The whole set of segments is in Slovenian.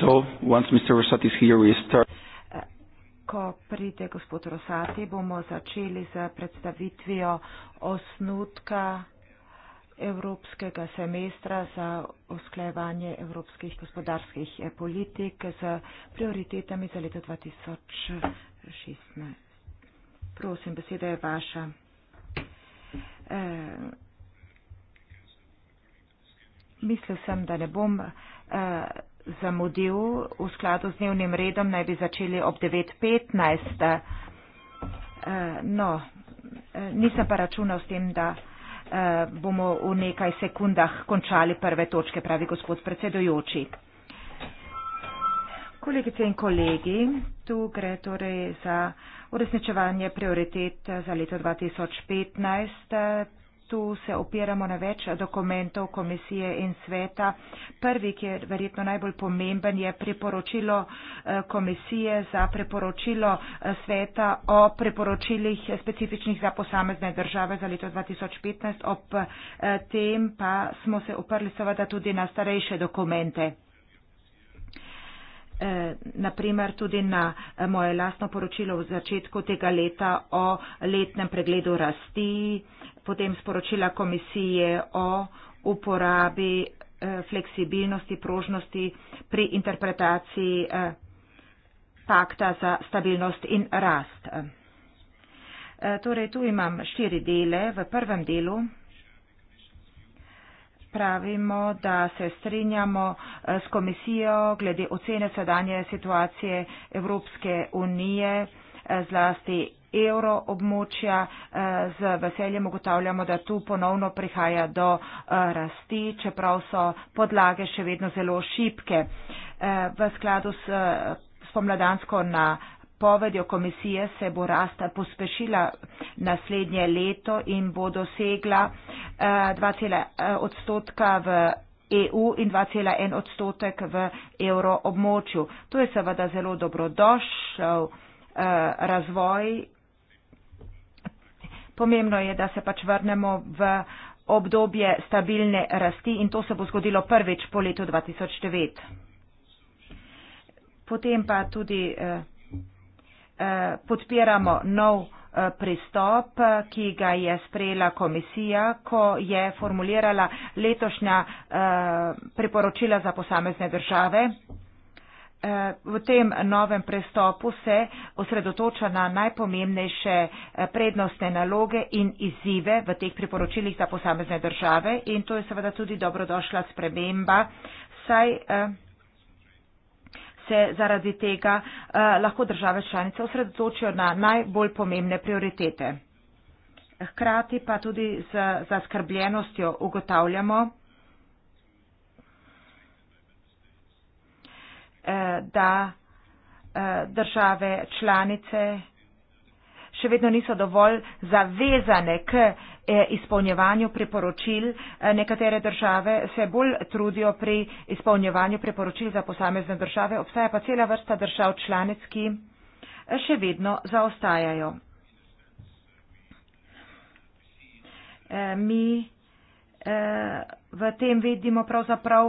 So, once Mr. Rosati is here, we start. Ko pride gospod Rosati, bomo začeli z predstavitvijo osnutka evropskega semestra za usklajevanje evropskih gospodarskih eh, politik z prioritetami za leto 2016. Prosim, beseda je vaša. Eh, mislil sem, da ne bom. Eh, zamudil. V skladu z dnevnim redom naj bi začeli ob 9.15. Eh, no, eh, nisem pa računal s tem, da eh, bomo v nekaj sekundah končali prve točke, pravi gospod predsedujoči. Kolegice in kolegi, tu gre torej za uresničevanje prioritet za leto 2015, tu se opiramo na več dokumentov komisije in sveta. Prvi, ki je verjetno najbolj pomemben, je priporočilo eh, komisije za priporočilo eh, sveta o priporočilih specifičnih za posamezne države za leto 2015. Ob eh, tem pa smo se oprli seveda tudi na starejše dokumente naprimer tudi na eh, moje lastno poročilo v začetku tega leta o letnem pregledu rasti, potem sporočila komisije o uporabi eh, fleksibilnosti, prožnosti pri interpretaciji eh, pakta za stabilnost in rast. Torej, tu imam štiri dele. V prvem delu pravimo, da se strinjamo eh, s komisijo glede ocene sedanje situacije Evropske unije, eh, zlasti evroobmočja. Eh, z veseljem ugotavljamo, da tu ponovno prihaja do rasti, čeprav so podlage še vedno zelo šipke. V skladu s spomladansko na povedjo komisije se bo rasta pospešila naslednje leto in bo dosegla 2, eh, eh, odstotka v EU in 2,1 odstotek v evroobmočju. To je seveda zelo dobrodošel eh, razvoj. Pomembno je, da se pač vrnemo v obdobje stabilne rasti in to se bo zgodilo prvič po letu 2009. Potem pa tudi eh, podpiramo nov eh, pristop, eh, ki ga je sprejela komisija, ko je formulirala letošnja eh, priporočila za posamezne države. V tem novem pristopu se osredotoča na najpomembnejše prednostne naloge in izzive v teh priporočilih za posamezne države in to je seveda tudi dobrodošla sprememba, saj se zaradi tega eh, lahko države članice osredotočijo na najbolj pomembne prioritete. Hkrati pa tudi z zaskrbljenostjo ugotavljamo, eh, da eh, države članice še vedno niso dovolj zavezane k e, izpolnjevanju priporočil. E, nekatere države se bolj trudijo pri izpolnjevanju priporočil za posamezne države, obstaja pa cela vrsta držav članic, ki e, še vedno zaostajajo. Mi v tem vidimo pravzaprav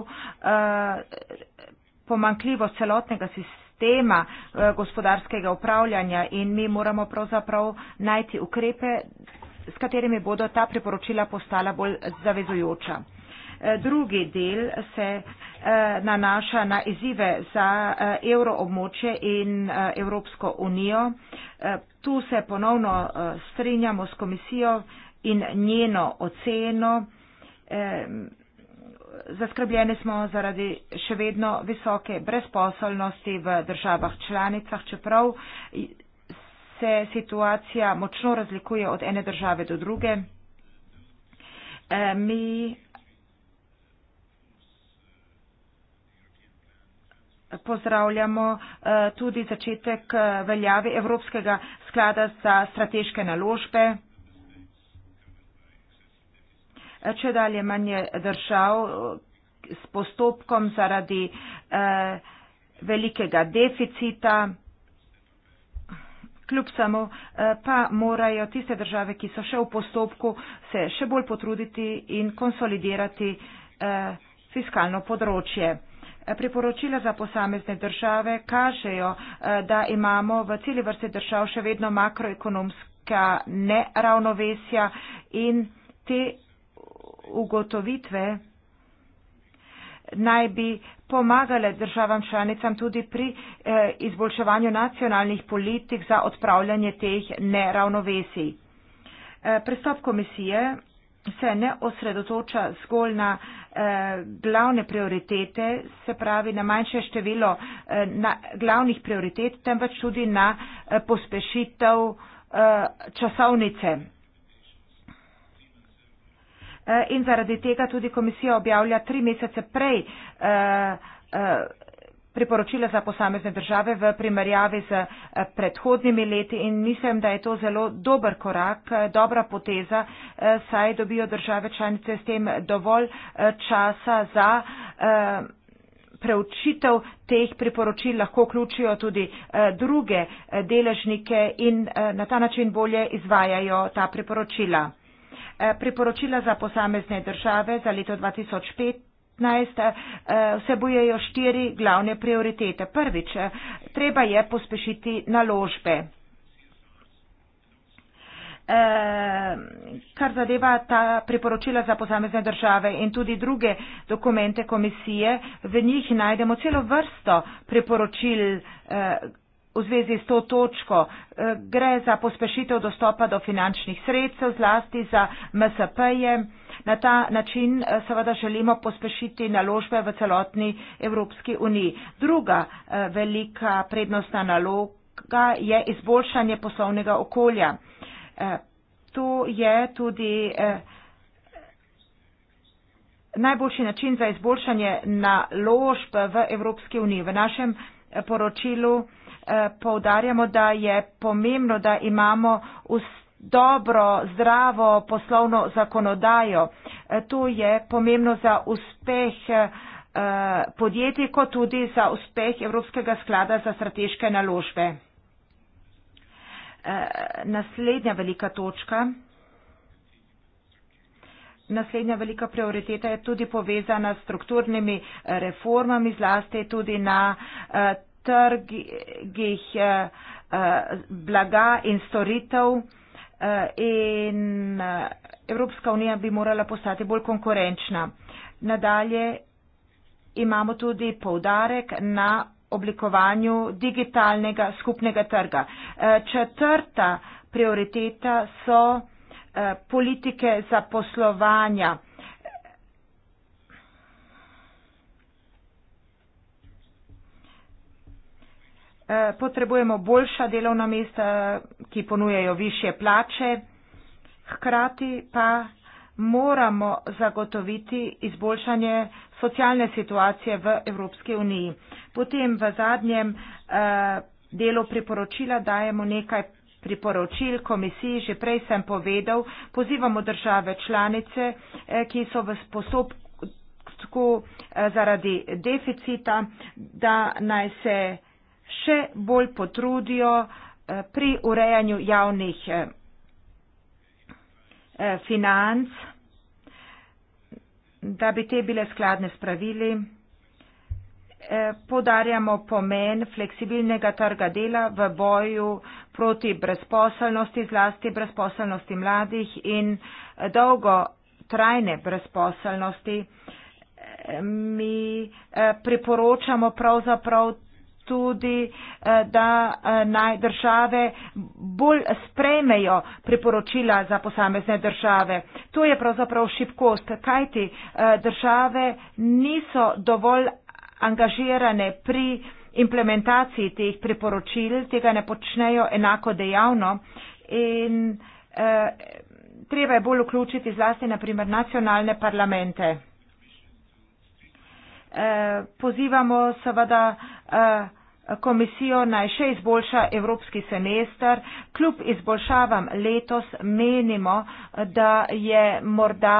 pomankljivo celotnega sistema sistema eh, gospodarskega upravljanja in mi moramo pravzaprav najti ukrepe, s katerimi bodo ta priporočila postala bolj zavezujoča. Eh, drugi del se eh, nanaša na izzive za evroobmočje in Evropsko unijo. Tu se ponovno strinjamo s komisijo in njeno oceno zaskrbljeni smo zaradi še vedno visoke brezposelnosti v državah članicah, čeprav se situacija močno razlikuje od ene države do druge. Eh, mi pozdravljamo eh, tudi začetek eh, veljave Evropskega sklada za strateške naložbe če dalje manje držav s postopkom zaradi eh, velikega deficita. Kljub samo eh, pa morajo tiste države, ki so še v postopku, se še bolj potruditi in konsolidirati eh, fiskalno področje. Eh, priporočila za posamezne države kažejo, da imamo v celi vrsti držav še vedno makroekonomska neravnovesja in te ugotovitve naj bi pomagale državam članicam tudi pri eh, izboljševanju nacionalnih politik za odpravljanje teh neravnovesij. Eh, Pristop komisije se ne osredotoča zgolj na eh, glavne prioritete, se pravi na manjše število eh, na glavnih prioritet, temveč tudi na eh, pospešitev eh, časovnice. Eh, in zaradi tega tudi komisija objavlja tri mesece prej eh, eh, priporočila za posamezne države v primerjavi z predhodnimi leti in mislim, da je to zelo dober korak, dobra poteza, saj dobijo države članice s tem dovolj časa za preučitev teh priporočil, lahko vključijo tudi druge deležnike in na ta način bolje izvajajo ta priporočila. Eh, priporočila za posamezne države za leto 2005. Eh, vsebujejo štiri glavne prioritete. Prvič, eh, treba je pospešiti naložbe. Kar zadeva ta priporočila za posamezne države in tudi druge dokumente komisije, v njih najdemo celo vrsto priporočil V zvezi s to točko eh, gre za pospešitev dostopa do finančnih sredstev, zlasti za MSP-je. Na ta način eh, seveda želimo pospešiti naložbe v celotni Evropski uniji. Druga eh, velika prednostna naloga je izboljšanje poslovnega okolja. To je tudi najboljši način za izboljšanje naložb v Evropski uniji. V našem poročilu Eh, poudarjamo, da je pomembno, da imamo dobro, zdravo poslovno zakonodajo. Eh, to je pomembno za uspeh eh, podjetij, kot tudi za uspeh Evropskega sklada za strateške naložbe. Naslednja velika točka, naslednja velika prioriteta je tudi povezana s strukturnimi reformami, zlasti tudi na trgih eh, eh, blaga in storitev eh, in Evropska unija bi morala postati bolj konkurenčna. Nadalje imamo tudi povdarek na oblikovanju digitalnega skupnega trga. Četrta prioriteta so politike zaposlovanja. Eh, potrebujemo boljša delovna mesta, ki ponujejo više plače, hkrati pa moramo zagotoviti izboljšanje socialne situacije v Evropski uniji. Potem v zadnjem eh, delu priporočila dajemo nekaj priporočil komisiji, že prej sem povedal, pozivamo države članice, eh, ki so v postopku eh, zaradi deficita, da naj se eh, še bolj potrudijo eh, pri urejanju javnih eh, eh, financ, da bi te bile skladne s pravili. Podarjamo pomen fleksibilnega trga dela v boju proti brezposelnosti, zlasti brezposelnosti mladih in dolgo trajne brezposelnosti. Mi priporočamo pravzaprav tudi, eh, da eh, naj države bolj sprejmejo priporočila za posamezne države. To je pravzaprav šibkost, kajti eh, države niso dovolj angažirane pri implementaciji teh priporočil, tega ne počnejo enako dejavno in eh, treba je bolj vključiti zlasti naprimer nacionalne parlamente. Eh, pozivamo seveda eh, komisijo naj še izboljša evropski semester. Kljub izboljšavam letos menimo, da je morda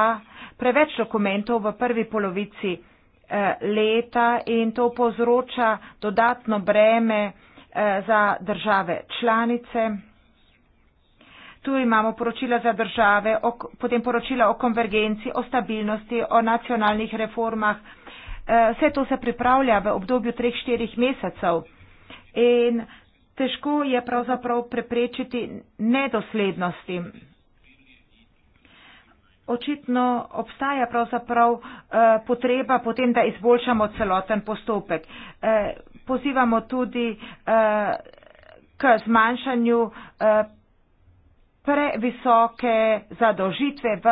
preveč dokumentov v prvi polovici eh, leta in to povzroča dodatno breme eh, za države članice. Tu imamo poročila za države, potem poročila o konvergenci, o stabilnosti, o nacionalnih reformah. Eh, vse to se pripravlja v obdobju 3-4 mesecev in težko je pravzaprav preprečiti nedoslednosti. Očitno obstaja pravzaprav eh, potreba potem, da izboljšamo celoten postopek. Eh, pozivamo tudi k zmanjšanju previsoke zadožitve v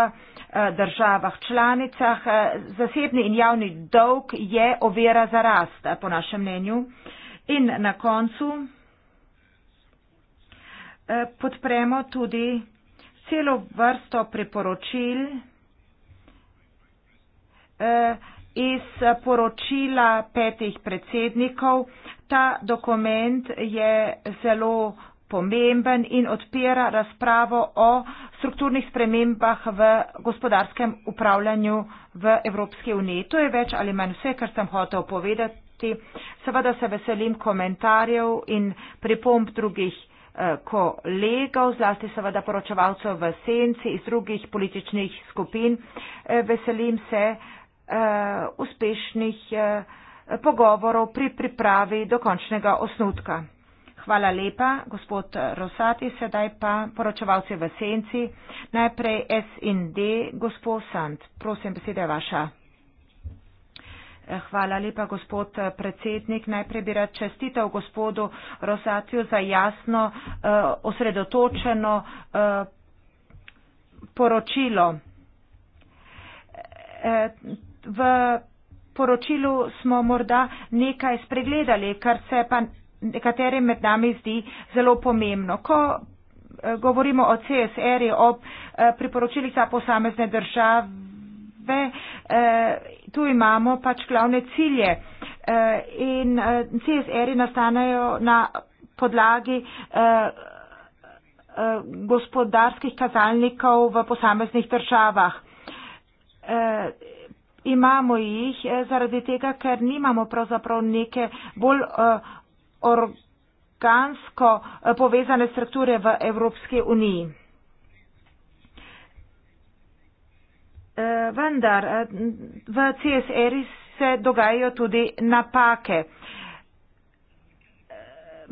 Eh, državah članicah. Eh, zasebni in javni dolg je ovira za rast, eh, po našem mnenju. In na koncu podpremo tudi celo vrsto priporočil iz poročila petih predsednikov. Ta dokument je zelo pomemben in odpira razpravo o strukturnih spremembah v gospodarskem upravljanju v Evropski uniji. To je več ali manj vse, kar sem hotel povedati. Seveda se veselim komentarjev in pripomb drugih eh, kolegov, zlasti seveda poročevalcev v senci iz drugih političnih skupin. Eh, veselim se eh, uspešnih pogovorov pri pripravi dokončnega osnutka. Hvala lepa, gospod Rosati, sedaj pa poročevalci v senci. Najprej S in D, gospod Sand, prosim, beseda je vaša. Hvala lepa, gospod predsednik. Najprej bi rad čestitev gospodu Rosatiju za jasno, eh, osredotočeno eh, poročilo. Eh, v poročilu smo morda nekaj spregledali, kar se pa nekaterim med nami zdi zelo pomembno. Ko eh, govorimo o CSR-i, o eh, priporočili za posamezne države, eh, tu imamo pač glavne cilje in CSR-i nastanejo na podlagi gospodarskih kazalnikov v posameznih državah. Imamo jih zaradi tega, ker nimamo pravzaprav neke bolj organsko eh, povezane strukture v Evropski uniji. Eh, vendar eh, v CSR se dogajajo tudi napake.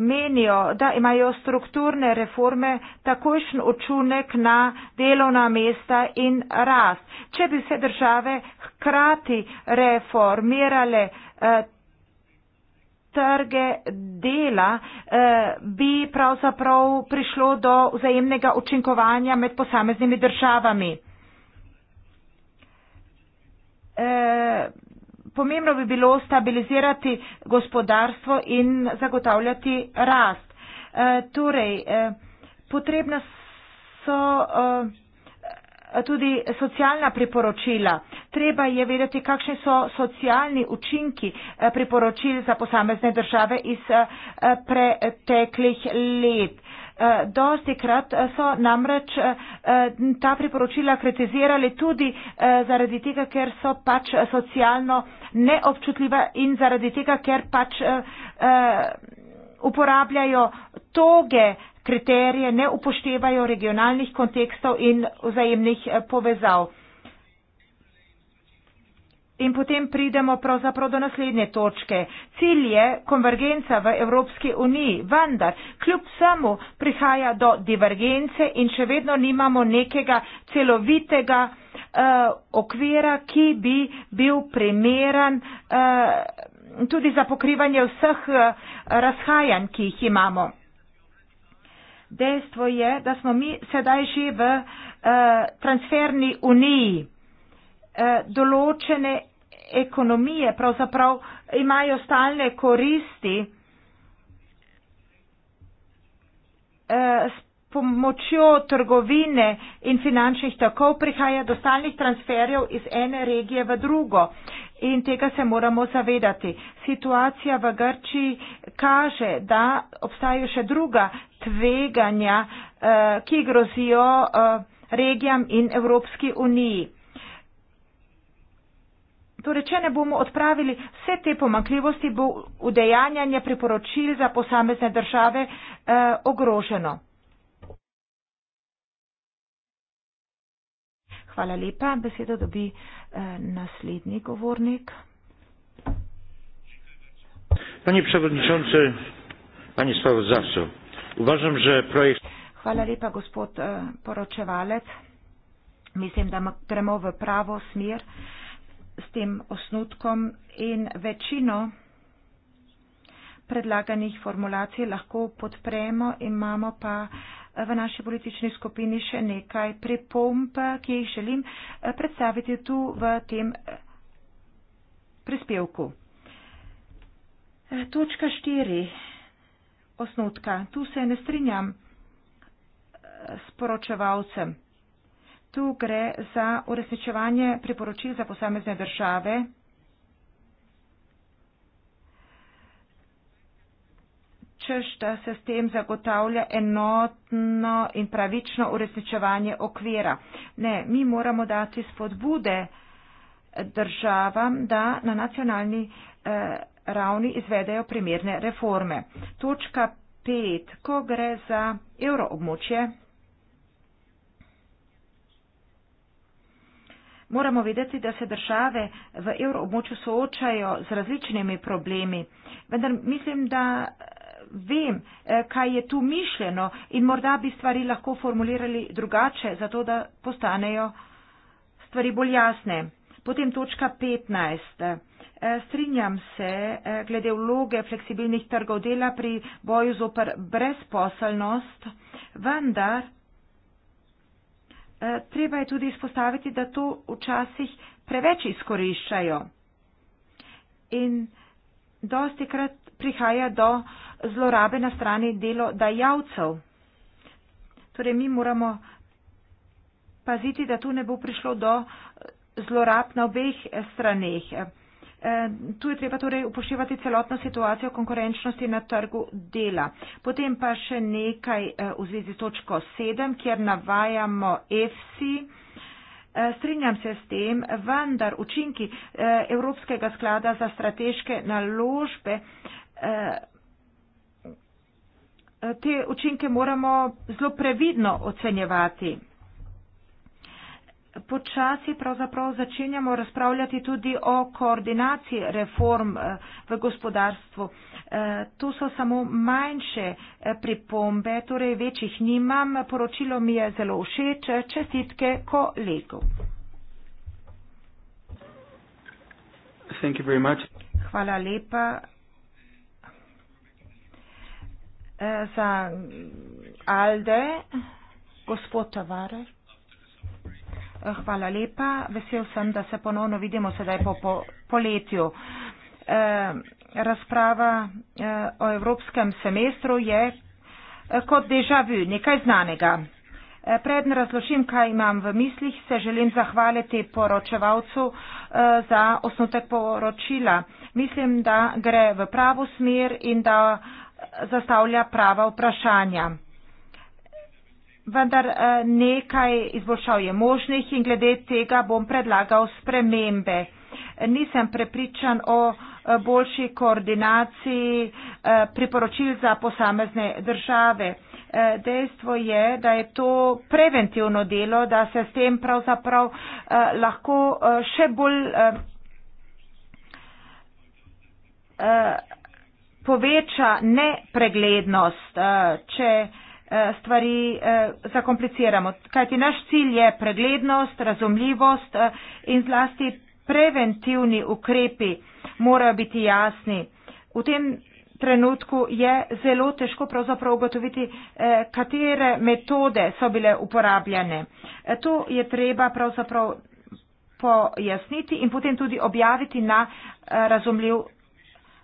Menijo, da imajo strukturne reforme takojšen učunek na delovna mesta in rast. Če bi se države hkrati reformirale, trge dela, eh, bi pravzaprav prišlo do vzajemnega učinkovanja med posameznimi državami. Eh, pomembno bi bilo stabilizirati gospodarstvo in zagotavljati rast. Eh, torej, potrebna so tudi socialna priporočila. Treba je vedeti, kakšni so socialni učinki eh, priporočil za posamezne države iz eh, preteklih let. Eh, Dosti krat so namreč ta priporočila kritizirali tudi zaradi tega, ker so pač socialno neobčutljiva in zaradi tega, ker pač uporabljajo toge kriterije ne upoštevajo regionalnih kontekstov in vzajemnih eh, povezav. In potem pridemo pravzaprav do naslednje točke. Cilj je konvergenca v Evropski uniji, vendar kljub vsemu prihaja do divergence in še vedno nimamo nekega celovitega uh, okvira, ki bi bil primeren uh, tudi za pokrivanje vseh uh, razhajanj, ki jih imamo dejstvo je, da smo mi sedaj že v eh, transferni uniji. Eh, določene ekonomije pravzaprav imajo stalne koristi eh, s pomočjo trgovine in finančnih takov prihaja do stalnih transferjev iz ene regije v drugo. Eh, In tega se moramo zavedati. Situacija v Grčiji kaže, da obstajajo še druga tveganja, eh, ki grozijo eh, regijam in Evropski uniji. Torej, če ne bomo odpravili vse te pomankljivosti, bo udejanjanje priporočil za posamezne države eh, ogroženo. Hvala lepa. Besedo dobi eh, naslednji govornik. Pani przewodniczący, pani sprawozdawco, uważam, że projekt. Hvala lepa, gospod eh, poročevalec. Mislim, da gremo v pravo smer s tem osnutkom in večino predlaganih formulacij lahko podpremo, imamo pa eh, v naši politični skupini še nekaj pripomp, ki jih želim eh, predstaviti tu v tem eh, prispevku. Eh, točka štiri osnutka. Tu se ne strinjam s poročevalcem. Tu gre za uresničevanje priporočil za posamezne države rečeš, da se s tem zagotavlja enotno in pravično uresničevanje okvira. Ne, mi moramo dati spodbude državam, da na nacionalni eh, ravni izvedejo primerne reforme. Točka pet, ko gre za euroobmočje. Moramo vedeti, da se države v evroobmočju soočajo z različnimi problemi, vendar mislim, da vem, eh, kaj je tu mišljeno in morda bi stvari lahko formulirali drugače, zato da postanejo stvari bolj jasne. Potem točka 15. Eh, strinjam se eh, glede vloge fleksibilnih trgov dela pri boju zoper brezposelnost, vendar treba je tudi izpostaviti, da to včasih preveč izkoriščajo. In dosti krat prihaja do uh, zlorabe na strani delodajalcev. Torej, mi moramo paziti, da tu ne bo prišlo do eh, zlorab na obeh eh, straneh. Eh, tu je treba torej upoštevati celotno situacijo konkurenčnosti na trgu dela. Potem pa še nekaj v zvezi s točko 7, kjer navajamo EFSI. Strinjam se s tem, vendar učinki Evropskega sklada za strateške naložbe te učinke moramo zelo previdno ocenjevati. Počasi pravzaprav začenjamo razpravljati tudi o koordinaciji reform eh, v gospodarstvu. Eh, to so samo manjše eh, pripombe, torej večjih nimam. Poročilo mi je zelo všeč. Čestitke kolegov. Hvala lepa. Eh, za Alde, gospod Tavare. Eh, hvala lepa. Vesel sem, da se ponovno vidimo sedaj po poletju. Po eh, Razprava o evropskem semestru je kot deja vu, nekaj znanega. Predn razložim, kaj imam v mislih, se želim zahvaliti poročevalcu za osnutek poročila. Mislim, da gre v pravo smer in da zastavlja prava vprašanja. Vendar eh, nekaj izboljšav je možnih in glede tega bom predlagal spremembe. Nisem prepričan o eh, boljši koordinaciji eh, priporočil za posamezne države. Dejstvo je, da je to preventivno delo, da se s tem pravzaprav lahko še bolj poveča nepreglednost, eh, če eh, stvari eh, zakompliciramo. Kajti naš cilj je preglednost, razumljivost in zlasti preventivni ukrepi morajo biti jasni. V tem trenutku je zelo težko pravzaprav ugotoviti, katere metode so bile uporabljene. To je treba pravzaprav pojasniti in potem tudi objaviti na razumljiv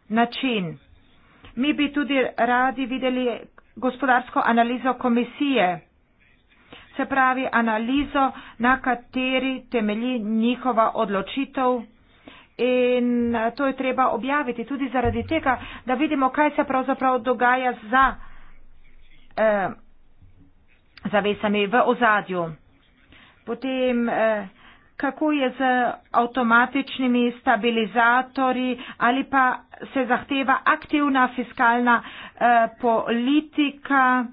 način. Mi bi tudi radi videli gospodarsko analizo komisije, se pravi analizo, na kateri temelji njihova odločitev. In to je treba objaviti tudi zaradi tega, da vidimo, kaj se pravzaprav dogaja za eh, zavesami v ozadju. Potem eh, kako je z avtomatičnimi stabilizatorji ali pa se zahteva aktivna fiskalna eh, politika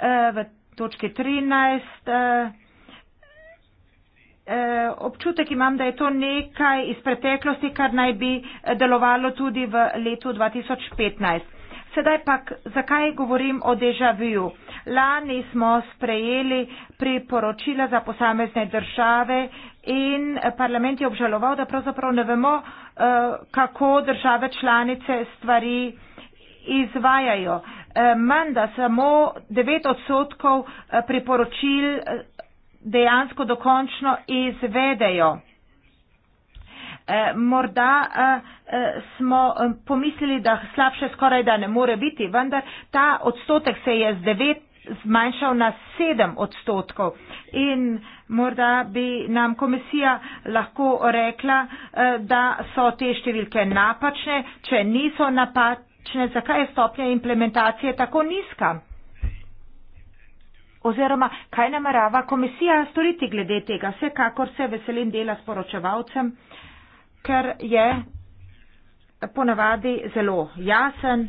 eh, v točki 13. Eh, eh, občutek imam, da je to nekaj iz preteklosti, kar naj bi eh, delovalo tudi v letu 2015. Sedaj pa, zakaj govorim o dejavju? Lani smo sprejeli priporočila za posamezne države in parlament je obžaloval, da pravzaprav ne vemo, eh, kako države članice stvari izvajajo. Eh, Manj, da samo 9 odstotkov eh, priporočil dejansko dokončno izvedejo. Eh, morda eh, eh, smo pomislili, da slabše skoraj da ne more biti, vendar ta odstotek se je z 9 zmanjšal na 7 odstotkov. In morda bi nam komisija lahko rekla, da so te številke napačne. Če niso napačne, zakaj je stopnja implementacije tako nizka? Oziroma, kaj namerava komisija storiti glede tega? Vsekakor se veselim dela s poročevalcem. Uh, ker je ponavadi zelo jasen,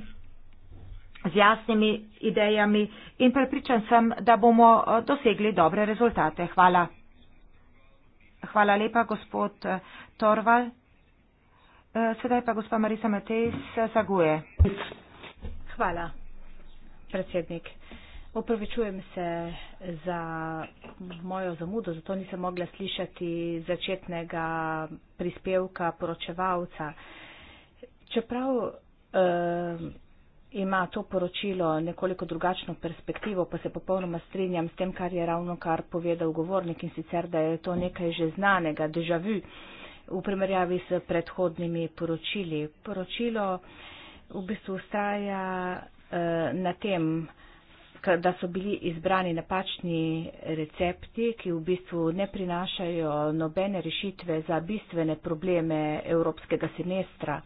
z jasnimi idejami in prepričan sem, da bomo eh, dosegli dobre rezultate. Hvala. Hvala lepa, gospod eh, Torval. Eh, sedaj pa gospa Marisa Matejs zaguje. Hvala, predsednik. Opravičujem se za mojo zamudo, zato nisem mogla slišati začetnega prispevka poročevalca. Čeprav eh, ima to poročilo nekoliko drugačno perspektivo, pa se popolnoma strinjam s tem, kar je ravno kar povedal govornik in sicer, da je to nekaj že znanega, deja vu, v primerjavi s predhodnimi poročili. Poročilo v bistvu ustraja eh, na tem, da so bili izbrani napačni recepti, ki v bistvu ne prinašajo nobene rešitve za bistvene probleme evropskega semestra.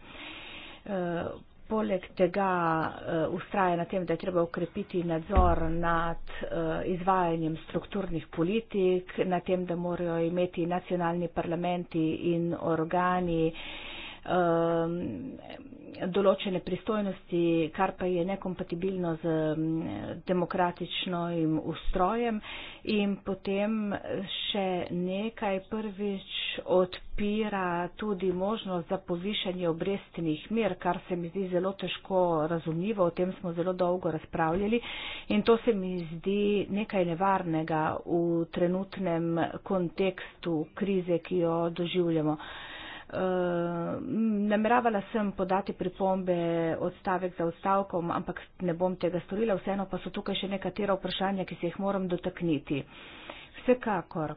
Eh, poleg tega eh, ustraja na tem, da je treba ukrepiti nadzor nad eh, izvajanjem strukturnih politik, na tem, da morajo imeti nacionalni parlamenti in organi Um, določene pristojnosti, kar pa je nekompatibilno z um, demokratičnim ustrojem. In potem še nekaj prvič odpira tudi možnost za povišanje obrestnih mer, kar se mi zdi zelo težko razumljivo, o tem smo zelo dolgo razpravljali in to se mi zdi nekaj nevarnega v trenutnem kontekstu krize, ki jo doživljamo. Uh, Ehm, nameravala sem podati pripombe odstavek za odstavkom, ampak ne bom tega storila, vseeno pa so tukaj še nekatera vprašanja, ki se jih moram dotakniti. Vsekakor.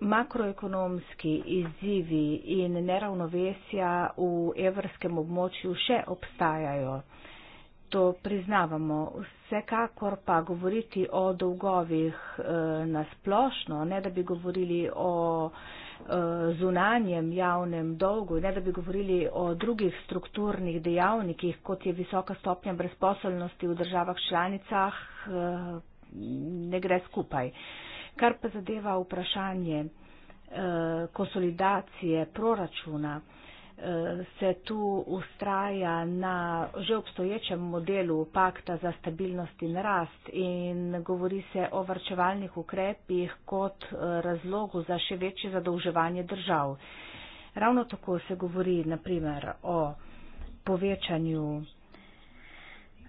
Makroekonomski izzivi in neravnovesja v evrskem območju še obstajajo. Uh, to priznavamo. Vsekakor pa govoriti o dolgovih eh, nasplošno, ne da bi govorili o eh, zunanjem javnem dolgu, ne da bi govorili o drugih strukturnih dejavnikih, kot je visoka stopnja brezposelnosti v državah članicah, eh, ne gre skupaj. Kar pa zadeva vprašanje konsolidacije proračuna, se tu ustraja na že obstoječem modelu pakta za stabilnost in rast in govori se o varčevalnih ukrepih kot eh, razlogu za še večje zadolževanje držav. Ravno tako se govori naprimer o povečanju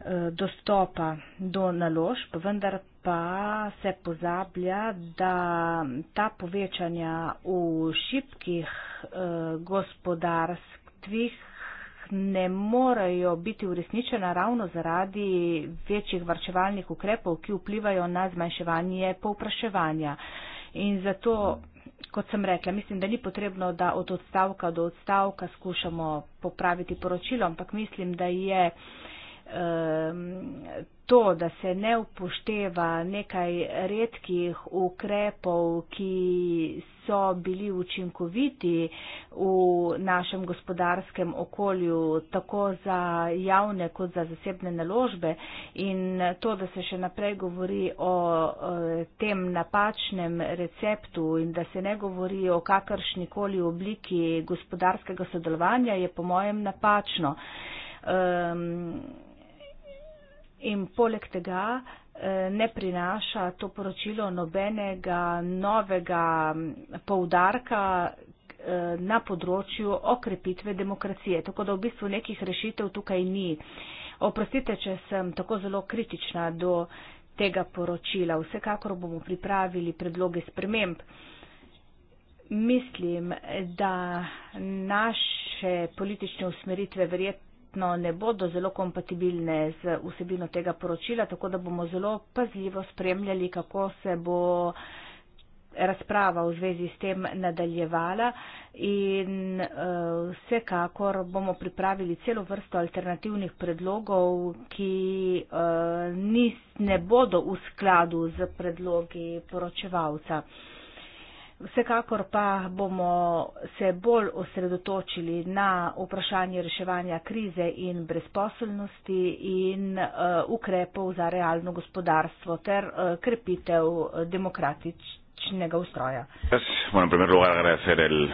Eh, dostopa do naložb, vendar pa se pozablja, da ta povečanja v šibkih eh, gospodarstvih ne morejo biti uresničena ravno zaradi večjih varčevalnih ukrepov, ki vplivajo na zmanjševanje povpraševanja. In zato, kot sem rekla, mislim, da ni potrebno, da od odstavka do odstavka skušamo popraviti poročilo, ampak mislim, da je uh, to, da se ne upošteva nekaj redkih ukrepov, ki so bili učinkoviti v našem gospodarskem okolju, tako za javne kot za zasebne naložbe in to, da se še naprej govori o e, tem napačnem receptu in da se ne govori o kakršnikoli obliki gospodarskega sodelovanja, je po mojem napačno. Um, in poleg tega eh, ne prinaša to poročilo nobenega novega poudarka eh, na področju okrepitve demokracije. Tako da v bistvu nekih rešitev tukaj ni. Oprostite, če sem tako zelo kritična do tega poročila. Vsekakor bomo pripravili predloge sprememb. Mislim, da naše politične usmeritve verjetno verjetno ne bodo zelo kompatibilne z vsebino tega poročila, tako da bomo zelo pazljivo spremljali, kako se bo razprava v zvezi s tem nadaljevala in uh, vsekakor bomo pripravili celo vrsto alternativnih predlogov, ki uh, nis, ne bodo v skladu z predlogi poročevalca. Uh, Vsekakor pa bomo se bolj osredotočili na vprašanje reševanja krize in brezposobnosti in uh, ukrepov za realno gospodarstvo ter uh, krepitev uh, demokratičnega ustroja. Bueno, en primer lugar agradecer el, eh,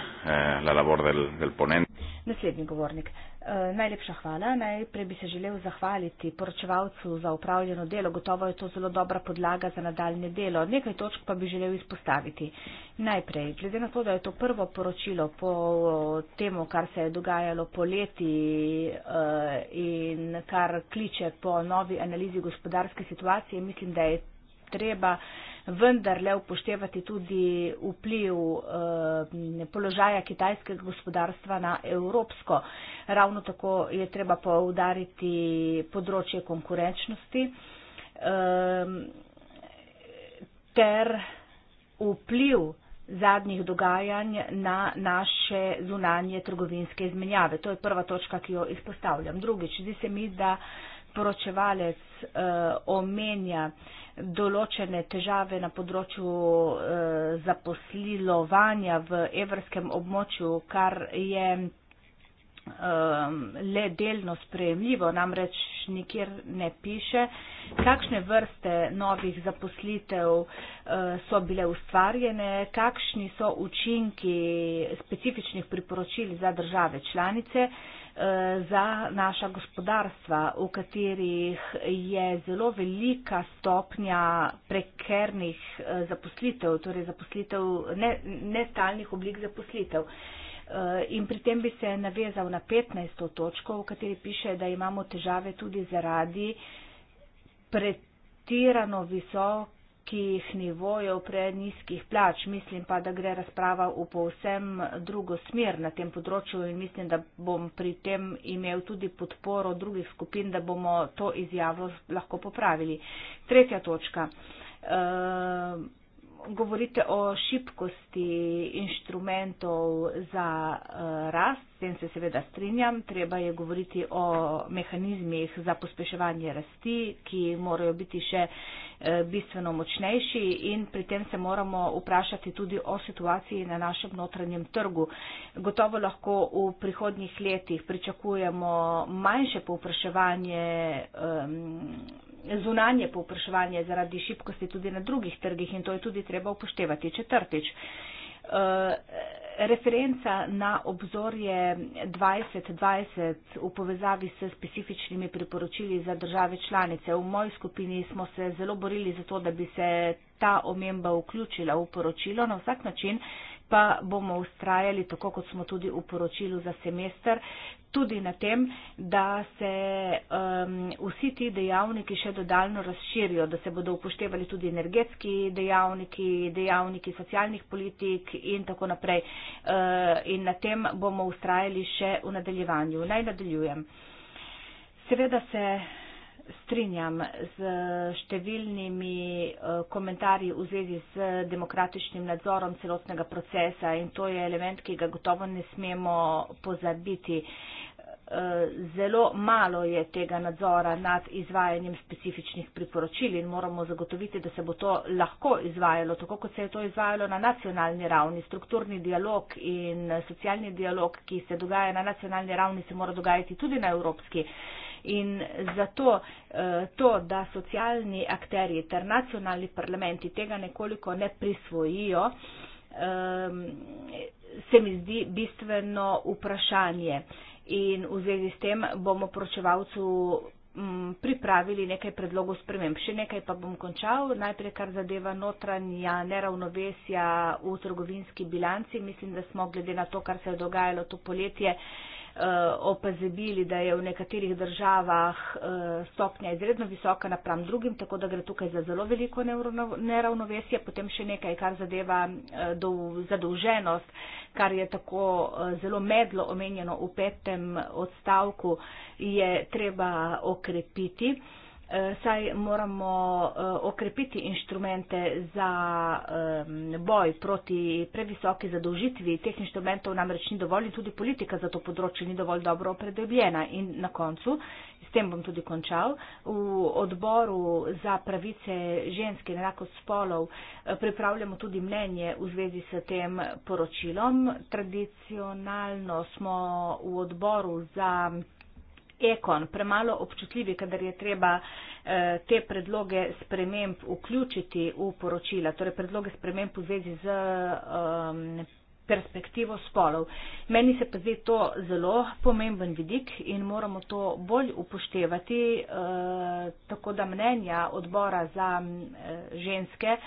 la labor del, del ponente. Naslednji govornik. Eh, najlepša hvala. Najprej bi se želel zahvaliti poročevalcu za upravljeno delo. Gotovo je to zelo dobra podlaga za nadaljne delo. Nekaj točk pa bi želel izpostaviti. Najprej, glede na to, da je to prvo poročilo po temu, kar se je dogajalo po leti eh, in kar kliče po novi analizi gospodarske situacije, mislim, da je treba vendar le upoštevati tudi vpliv eh, položaja kitajskega gospodarstva na evropsko. Ravno tako je treba poudariti področje konkurenčnosti eh, ter vpliv zadnjih dogajanj na naše zunanje trgovinske izmenjave. To je prva točka, ki jo izpostavljam. Drugič, zdi se mi, da poročevalec uh, omenja uh, določene težave na področju e, zaposlilovanja v evrskem območju, kar je e, le delno sprejemljivo, namreč nikjer ne piše, kakšne vrste novih zaposlitev e, so bile ustvarjene, kakšni so učinki specifičnih priporočil za države članice. E, Eh, za naša gospodarstva, v katerih je zelo velika stopnja prekernih eh, zaposlitev, torej zaposlitev, ne, nestalnih oblik zaposlitev. Eh, in pri tem bi se navezal na 15. točko, v kateri piše, da imamo težave tudi zaradi pretirano visoke nizkih nivojev, prenizkih plač. Mislim pa, da gre razprava v povsem drugo smer na tem področju in mislim, da bom pri tem imel tudi podporo drugih skupin, da bomo to izjavo lahko popravili. Tretja točka. Uh, govorite o šibkosti inštrumentov za eh, rast, s tem se seveda strinjam, treba je govoriti o mehanizmih za pospeševanje rasti, ki morajo biti še eh, bistveno močnejši in pri tem se moramo vprašati tudi o situaciji na našem notranjem trgu. Gotovo lahko v prihodnjih letih pričakujemo manjše povpraševanje. Um, zunanje povpraševanje zaradi šibkosti tudi na drugih trgih in to je tudi treba upoštevati. Četrtič, eh, referenca na obzorje 2020 v povezavi s specifičnimi priporočili za države članice. V moji skupini smo se zelo borili za to, da bi se ta omemba vključila v poročilo na vsak način pa bomo ustrajali, tako kot smo tudi v poročilu za semester, tudi na tem, da se um, vsi ti dejavniki še dodaljno razširijo, da se bodo upoštevali tudi energetski dejavniki, dejavniki socialnih politik in tako naprej. Uh, in na tem bomo ustrajali še v nadaljevanju. Naj nadaljujem. Seveda se strinjam z številnimi eh, komentarji v zvezi z demokratičnim nadzorom celotnega procesa in to je element, ki ga gotovo ne smemo pozabiti. Eh, zelo malo je tega nadzora nad izvajanjem specifičnih priporočil in moramo zagotoviti, da se bo to lahko izvajalo, tako kot se je to izvajalo na nacionalni ravni. Strukturni dialog in socialni dialog, ki se dogaja na nacionalni ravni, se mora dogajati tudi na evropski ravni. In zato eh, to, da socialni akteri ter nacionalni parlamenti tega nekoliko ne prisvojijo, ehm, se mi zdi bistveno vprašanje. In v zvezi s tem bomo poročevalcu mm, pripravili nekaj predlogov sprememb. Še nekaj pa bom končal. Najprej, kar zadeva notranja neravnovesja v trgovinski bilanci, mislim, da smo glede na to, kar se je dogajalo to poletje, eh, Eh, opazili, da je v nekaterih državah eh, stopnja izredno visoka napram drugim, tako da gre tukaj za zelo veliko neravnovesje. Potem še nekaj, kar zadeva eh, zadolženost, kar je tako zelo medlo omenjeno v petem odstavku, je treba okrepiti. Eh, saj moramo eh, okrepiti inštrumente za eh, boj proti previsoki zadolžitvi. Teh inštrumentov namreč ni dovolj in tudi politika za to področje ni dovolj dobro opredeljena. In na koncu, s tem bom tudi končal, v odboru za pravice ženske in enakost spolov pripravljamo tudi mnenje v zvezi s tem poročilom. Tradicionalno smo v odboru za ekon, premalo občutljivi, kadar je treba eh, te predloge sprememb vključiti v poročila, torej predloge sprememb v zvezi z ehm, perspektivo spolov. Meni se pa zdi to zelo pomemben vidik in moramo to bolj upoštevati, eh, tako da mnenja odbora za eh, ženske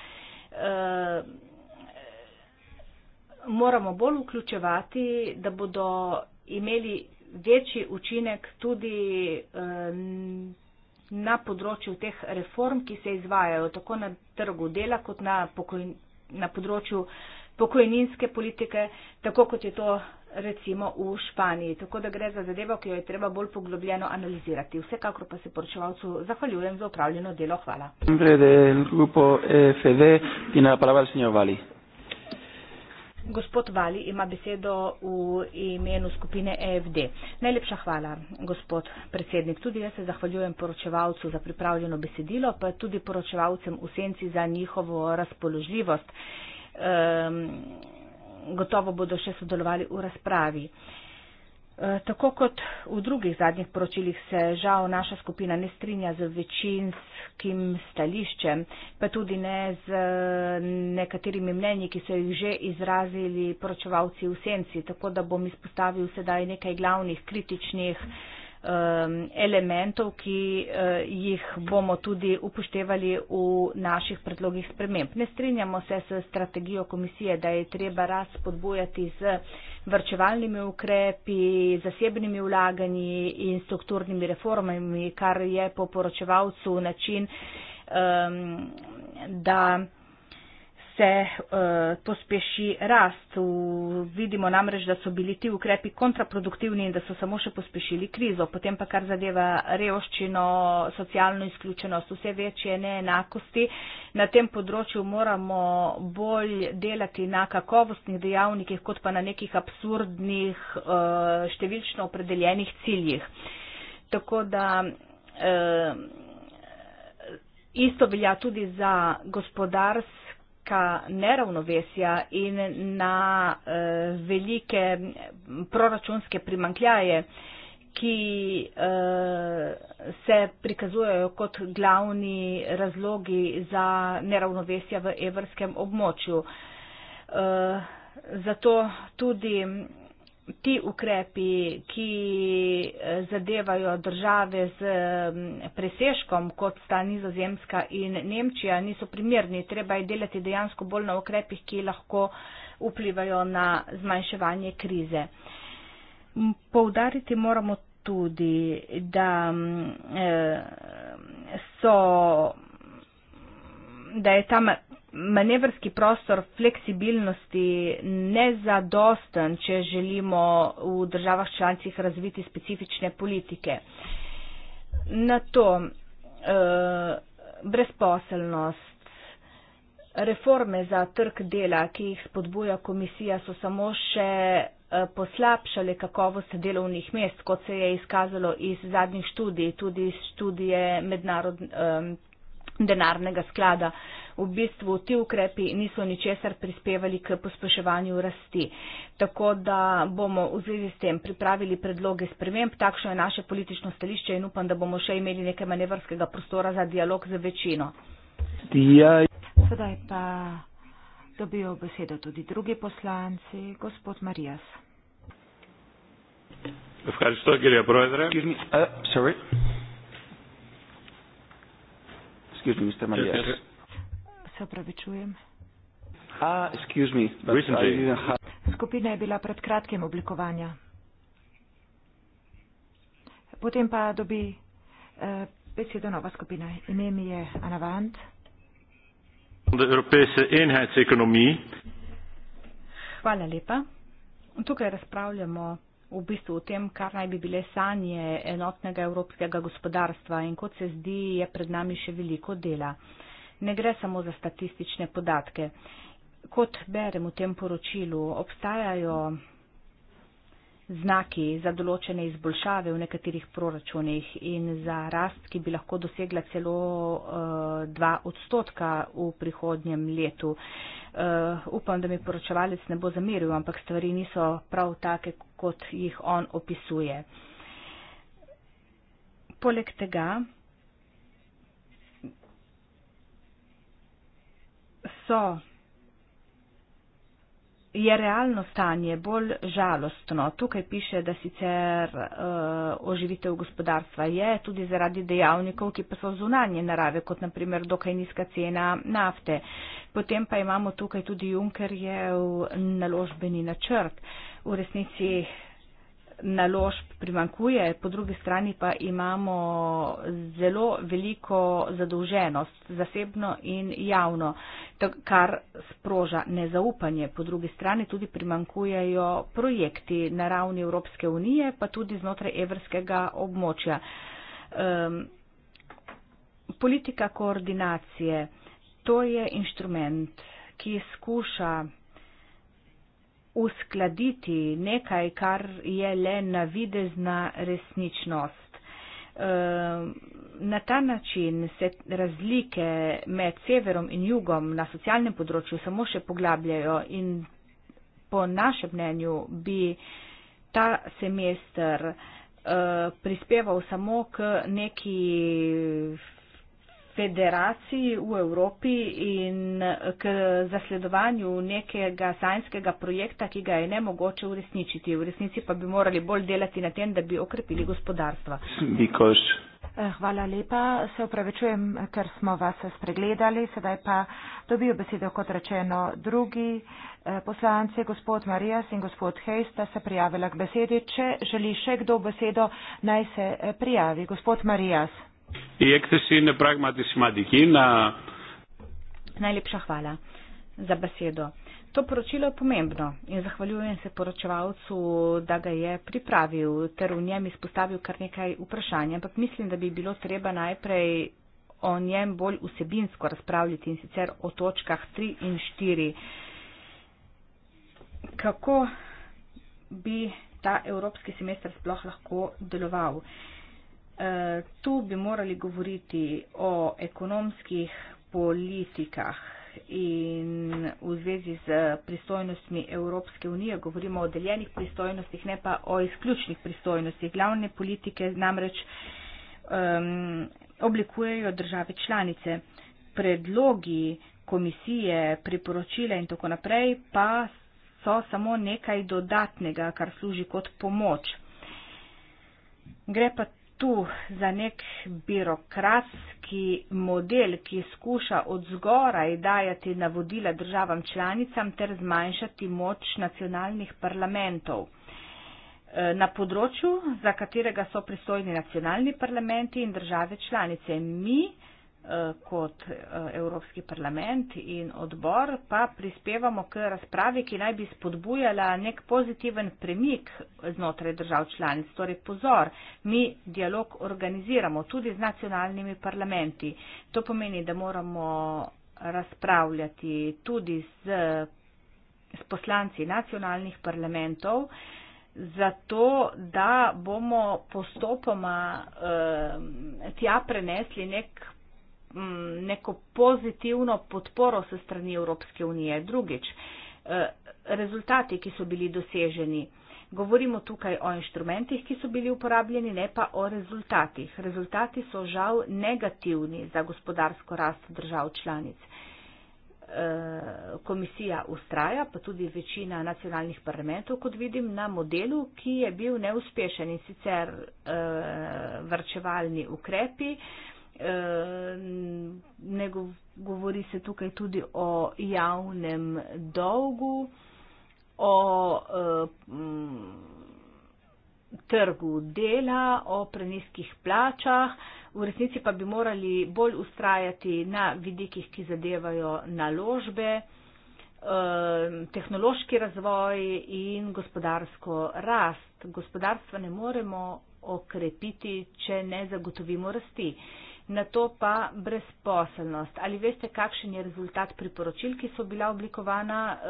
moramo bolj vključevati, da bodo imeli večji učinek tudi eh, na področju teh reform, ki se izvajajo tako na trgu dela kot na, pokojn, na področju pokojninske politike, tako kot je to recimo v Španiji. Tako da gre za zadevo, ki jo je treba bolj poglobljeno analizirati. Vsekakor pa se poročevalcu zahvaljujem za opravljeno delo. Hvala. Gospod Vali ima besedo v imenu skupine EFD. Najlepša hvala, gospod predsednik. Tudi jaz se zahvaljujem poročevalcu za pripravljeno besedilo, pa tudi poročevalcem v senci za njihovo razpoložljivost. Um, gotovo bodo še sodelovali v razpravi. Uh, Eh, tako kot v drugih zadnjih poročilih se žal naša skupina ne strinja z večinskim stališčem, pa tudi ne z eh, nekaterimi mnenji, ki so jih že izrazili poročevalci v senci. Tako da bom izpostavil sedaj nekaj glavnih kritičnih elementov, ki eh, jih bomo tudi upoštevali v naših predlogih sprememb. Ne strinjamo se s strategijo komisije, da je treba rast spodbujati z vrčevalnimi ukrepi, zasebnimi vlaganji in strukturnimi reformami, kar je po poročevalcu način, um, da se uh, eh, pospeši rast. V, vidimo namreč, da so bili ti ukrepi kontraproduktivni in da so samo še pospešili krizo. Potem pa kar zadeva revoščino, socialno izključenost, vse večje neenakosti. Na tem področju moramo bolj delati na kakovostnih dejavnikih, kot pa na nekih absurdnih uh, številčno opredeljenih ciljih. Tako da. Uh, Isto velja tudi za gospodarstvo velika neravnovesja in na uh, velike proračunske primankljaje, ki uh, se prikazujejo kot glavni razlogi za neravnovesja v evrskem območju. Uh, zato tudi ti ukrepi, ki eh, zadevajo države z mm, preseškom, kot sta Nizozemska in Nemčija, niso primerni. Treba je delati dejansko bolj na ukrepih, ki lahko vplivajo na zmanjševanje krize. Poudariti moramo tudi, da mm, eh, so da je tam manevrski prostor fleksibilnosti nezadosten, če želimo v državah članicah razviti specifične politike. Na to eh, brezposelnost, reforme za trg dela, ki jih spodbuja komisija, so samo še eh, poslabšale kakovost delovnih mest, kot se je izkazalo iz zadnjih študij, tudi iz študije mednarodnega eh, denarnega sklada. Eh, v bistvu ti ukrepi niso ničesar prispevali k pospeševanju rasti. Tako da bomo v zvezi s tem pripravili predloge sprememb, takšno je naše politično stališče in upam, da bomo še imeli nekaj manevrskega prostora za dialog z večino. Ja. Sedaj pa dobijo besedo tudi drugi poslanci, gospod Marijas. Excuse me, Mr. Marias. Yes, yes, yes. Se opravičujem. Uh, me, Skupina je bila pred kratkim oblikovanja. Potem pa dobi uh, besedo nova skupina. Ime mi je Anavant. Hvala lepa. Tukaj razpravljamo v bistvu o tem, kar naj bi bile sanje enotnega evropskega gospodarstva in kot se zdi, je pred nami še veliko dela. Uh, ne gre samo za statistične podatke. Kot berem v tem poročilu, obstajajo znaki za določene izboljšave v nekaterih proračunih in za rast, ki bi lahko dosegla celo 2 uh, eh, odstotka v prihodnjem letu. Uh, upam, da mi poročevalec ne bo zameril, ampak stvari niso prav take, kot jih on opisuje. Poleg tega so, je realno stanje bolj žalostno. Tukaj piše, da sicer uh, oživitev gospodarstva je tudi zaradi dejavnikov, ki pa so zunanje narave, kot naprimer dokaj nizka cena nafte. Potem pa imamo tukaj tudi Junkerjev naložbeni načrt. V resnici naložb primankuje, po drugi strani pa imamo zelo veliko zadolženost, zasebno in javno, kar sproža nezaupanje. Po drugi strani tudi primankujejo projekti na ravni Evropske unije, pa tudi znotraj evrskega območja. Um, politika koordinacije, to je inštrument, ki skuša uskladiti nekaj, kar je le navidezna resničnost. Ehm, na ta način se razlike med severom in jugom na socialnem področju samo še poglabljajo in po našem mnenju bi ta semester eh, prispeval samo k neki federaciji v Evropi in k zasledovanju nekega sanjskega projekta, ki ga je ne mogoče uresničiti. V resnici pa bi morali bolj delati na tem, da bi okrepili gospodarstva. Because... Eh, hvala lepa. Se upravičujem, ker smo vas spregledali. Sedaj pa dobijo besedo, kot rečeno, drugi eh, poslanci, gospod Marijas in gospod Hejsta se prijavila k besedi. Če želi še kdo besedo, naj se eh, prijavi. Gospod Marijas. Η έκθεση είναι πράγματι σημαντική. Να... Najlepša hvala za besedo. To poročilo je pomembno in zahvaljujem se poročevalcu, da ga je pripravil ter v njem izpostavil kar nekaj vprašanj, ampak mislim, da bi bilo treba najprej o njem bolj vsebinsko razpravljati in sicer o točkah 3 in 4. Kako bi ta evropski semester sploh lahko deloval? Uh, tu bi morali govoriti o ekonomskih politikah in v zvezi z pristojnostmi Evropske unije govorimo o deljenih pristojnostih, ne pa o izključnih pristojnostih. Glavne politike namreč um, oblikujejo države članice. Predlogi komisije, priporočila in tako naprej pa so samo nekaj dodatnega, kar služi kot pomoč. Gre pa tu za nek birokratski model, ki skuša od zgoraj dajati navodila državam članicam ter zmanjšati moč nacionalnih parlamentov. E, na področju, za katerega so pristojni nacionalni parlamenti in države članice, mi kot eh, Evropski parlament in odbor, pa prispevamo k razpravi, ki naj bi spodbujala nek pozitiven premik znotraj držav članic. Torej pozor, mi dialog organiziramo tudi z nacionalnimi parlamenti. To pomeni, da moramo razpravljati tudi z, z poslanci nacionalnih parlamentov, zato da bomo postopoma eh, tja prenesli nek Mm, neko pozitivno podporo se strani Evropske unije. Drugič, eh, rezultati, ki so bili doseženi. Govorimo tukaj o inštrumentih, ki so bili uporabljeni, ne pa o rezultatih. Rezultati so žal negativni za gospodarsko rast držav članic. Eh, komisija ustraja, pa tudi večina nacionalnih parlamentov, kot vidim, na modelu, ki je bil neuspešen in sicer eh, vrčevalni ukrepi, Eh, ne gov govori se tukaj tudi o javnem dolgu, o uh, trgu dela, o preniskih plačah. V resnici pa bi morali bolj ustrajati na vidikih, ki zadevajo naložbe, eh, tehnološki razvoj in gospodarsko rast. Gospodarstva ne moremo okrepiti, če ne zagotovimo rasti na to pa brezposelnost. Ali veste, kakšen je rezultat priporočil, ki so bila oblikovana eh,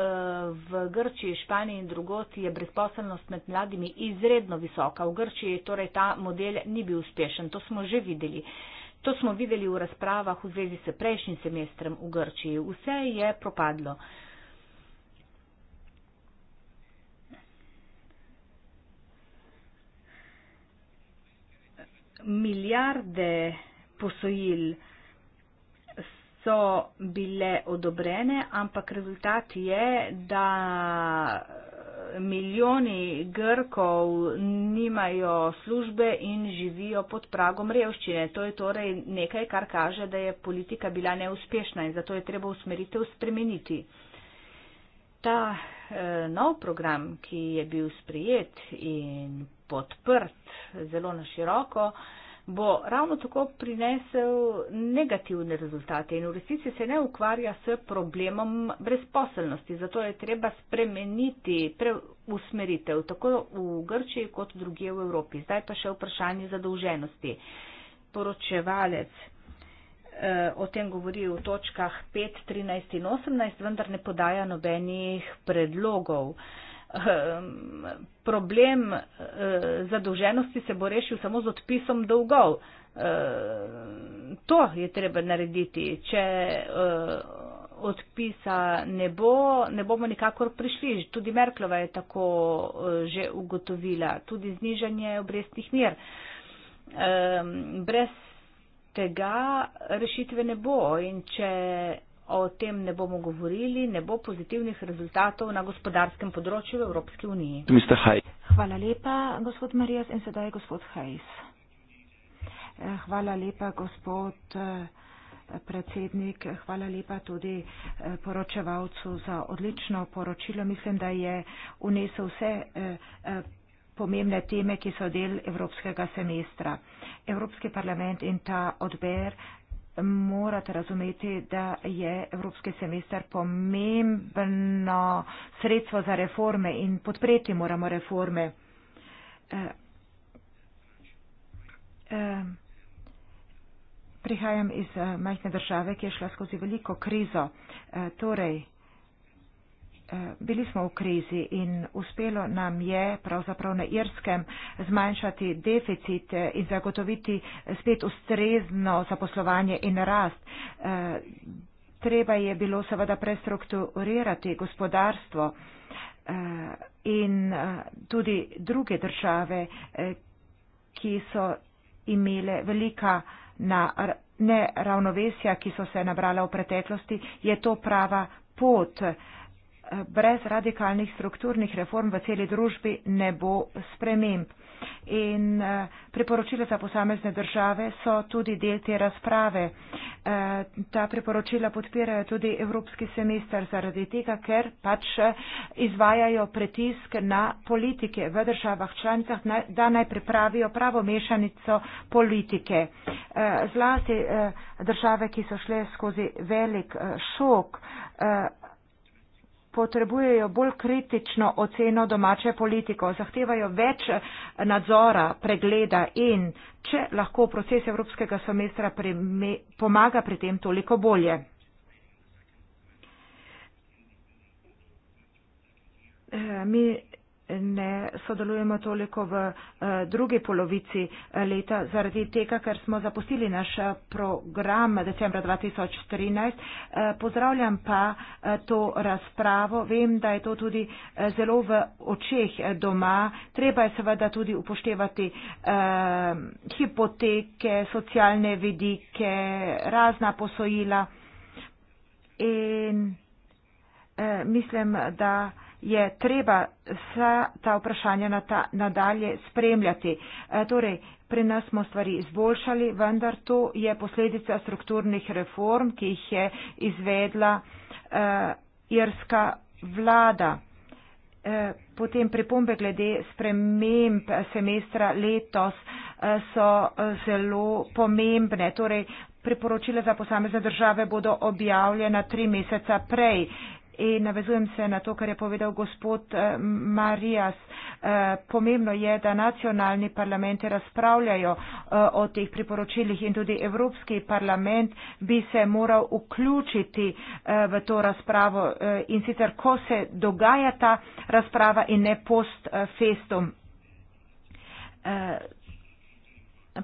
v Grčiji, Španiji in drugot, je brezposelnost med mladimi izredno visoka. V Grčiji torej ta model ni bil uspešen, to smo že videli. To smo videli v razpravah v zvezi s prejšnjim semestrem v Grčiji. Vse je propadlo. Milijarde posojil so bile odobrene, ampak rezultat je, da eh, milijoni Grkov nimajo službe in živijo pod pragom revščine. To je torej nekaj, kar kaže, da je politika bila neuspešna in zato je treba usmeritev spremeniti. Ta eh, nov program, ki je bil sprijet in podprt zelo naširoko, eh, bo ravno tako prinesel negativne rezultate in v resnici se ne ukvarja s problemom brezposelnosti. Zato je treba spremeniti usmeritev tako v Grčiji kot drugje v Evropi. Zdaj pa še vprašanje zadolženosti. Poročevalec eh, o tem govori v točkah 5, 13 in 18, vendar ne podaja nobenih predlogov. Ehm, problem eh, zadolženosti se bo rešil samo z odpisom dolgov. Ehm, to je treba narediti. Če eh, odpisa ne bo, ne bomo nikakor prišli. Tudi Merklova je tako eh, že ugotovila. Tudi znižanje obrestnih mir. Ehm, brez tega rešitve ne bo. In če o tem ne bomo govorili, ne bo pozitivnih rezultatov na gospodarskem področju v Evropski uniji. Hvala lepa, gospod Marijas, in sedaj gospod Hajs. Eh, hvala lepa, gospod eh, predsednik, hvala lepa tudi eh, poročevalcu za odlično poročilo. Mislim, da je unesel vse pomembne teme, ki so del Evropskega semestra. Evropski parlament in ta odber morate razumeti, da je Evropski semester pomembno sredstvo za reforme in podpreti moramo reforme. Eh, eh, prihajam iz eh, majhne države, ki je šla skozi veliko krizo. Torej, Eh, bili smo v krizi in uspelo nam je pravzaprav na Irskem zmanjšati deficit eh, in zagotoviti spet ustrezno zaposlovanje in rast. Eh, treba je bilo seveda prestrukturirati gospodarstvo in tudi druge države, ki so imele velika neravnovesja, ki so se nabrala v preteklosti, je to prava pot brez radikalnih strukturnih reform v celi družbi ne bo sprememb. In eh, priporočila za posamezne države so tudi del te razprave. Eh, ta priporočila podpirajo tudi Evropski semester zaradi tega, ker pač eh, izvajajo pritisk na politike v državah članicah, da naj pripravijo pravo mešanico politike. Zlasti države, ki so šle skozi velik šok potrebujejo bolj kritično oceno domače politiko, zahtevajo več eh, nadzora, pregleda in če lahko proces Evropskega semestra pomaga pri tem toliko bolje. Eh, mi ne sodelujemo toliko v eh, drugi polovici eh, leta, zaradi tega, ker smo zapustili naš eh, program decembra 2013. Pozdravljam pa to razpravo. Vem, da je to tudi zelo v očeh doma. Treba je seveda tudi upoštevati hipoteke, socialne vidike, razna posojila. In mislim, da je treba vsa ta vprašanja na ta, nadalje spremljati. E, torej, pri nas smo stvari izboljšali, vendar to je posledica strukturnih reform, ki jih je izvedla e, irska vlada. E, potem pripombe glede sprememb semestra letos e, so e, zelo pomembne. Torej, priporočila za posamezne države bodo objavljena tri meseca prej. E, in navezujem se na to, kar je povedal gospod eh, Marijas. Eh, pomembno je, da nacionalni parlamenti razpravljajo eh, o teh priporočilih in tudi Evropski parlament bi se moral vključiti v to razpravo in sicer, ko se dogaja ta razprava in ne post festum.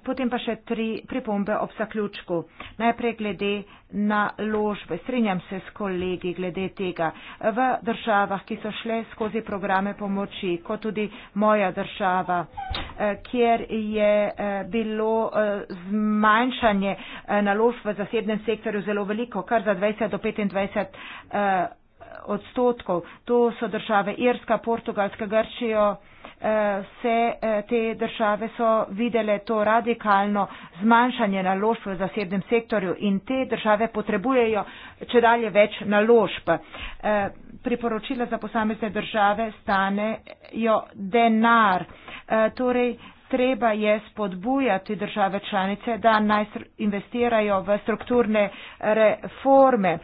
Potem pa še tri pripombe ob zaključku. Najprej glede naložbe. Strinjam se s kolegi glede tega. V državah, ki so šle skozi programe pomoči, kot tudi moja država, eh, kjer je eh, bilo eh, zmanjšanje naložb v zasebnem sektorju zelo veliko, kar za 20 do 25 odstotkov. To so države Irska, Portugalska, Grčijo se eh, te države so videle to radikalno zmanjšanje naložb v zasebnem sektorju in te države potrebujejo če dalje več naložb. Eh, priporočila za posamezne države stanejo denar. Eh, torej, treba je spodbujati države članice, da naj investirajo v strukturne reforme.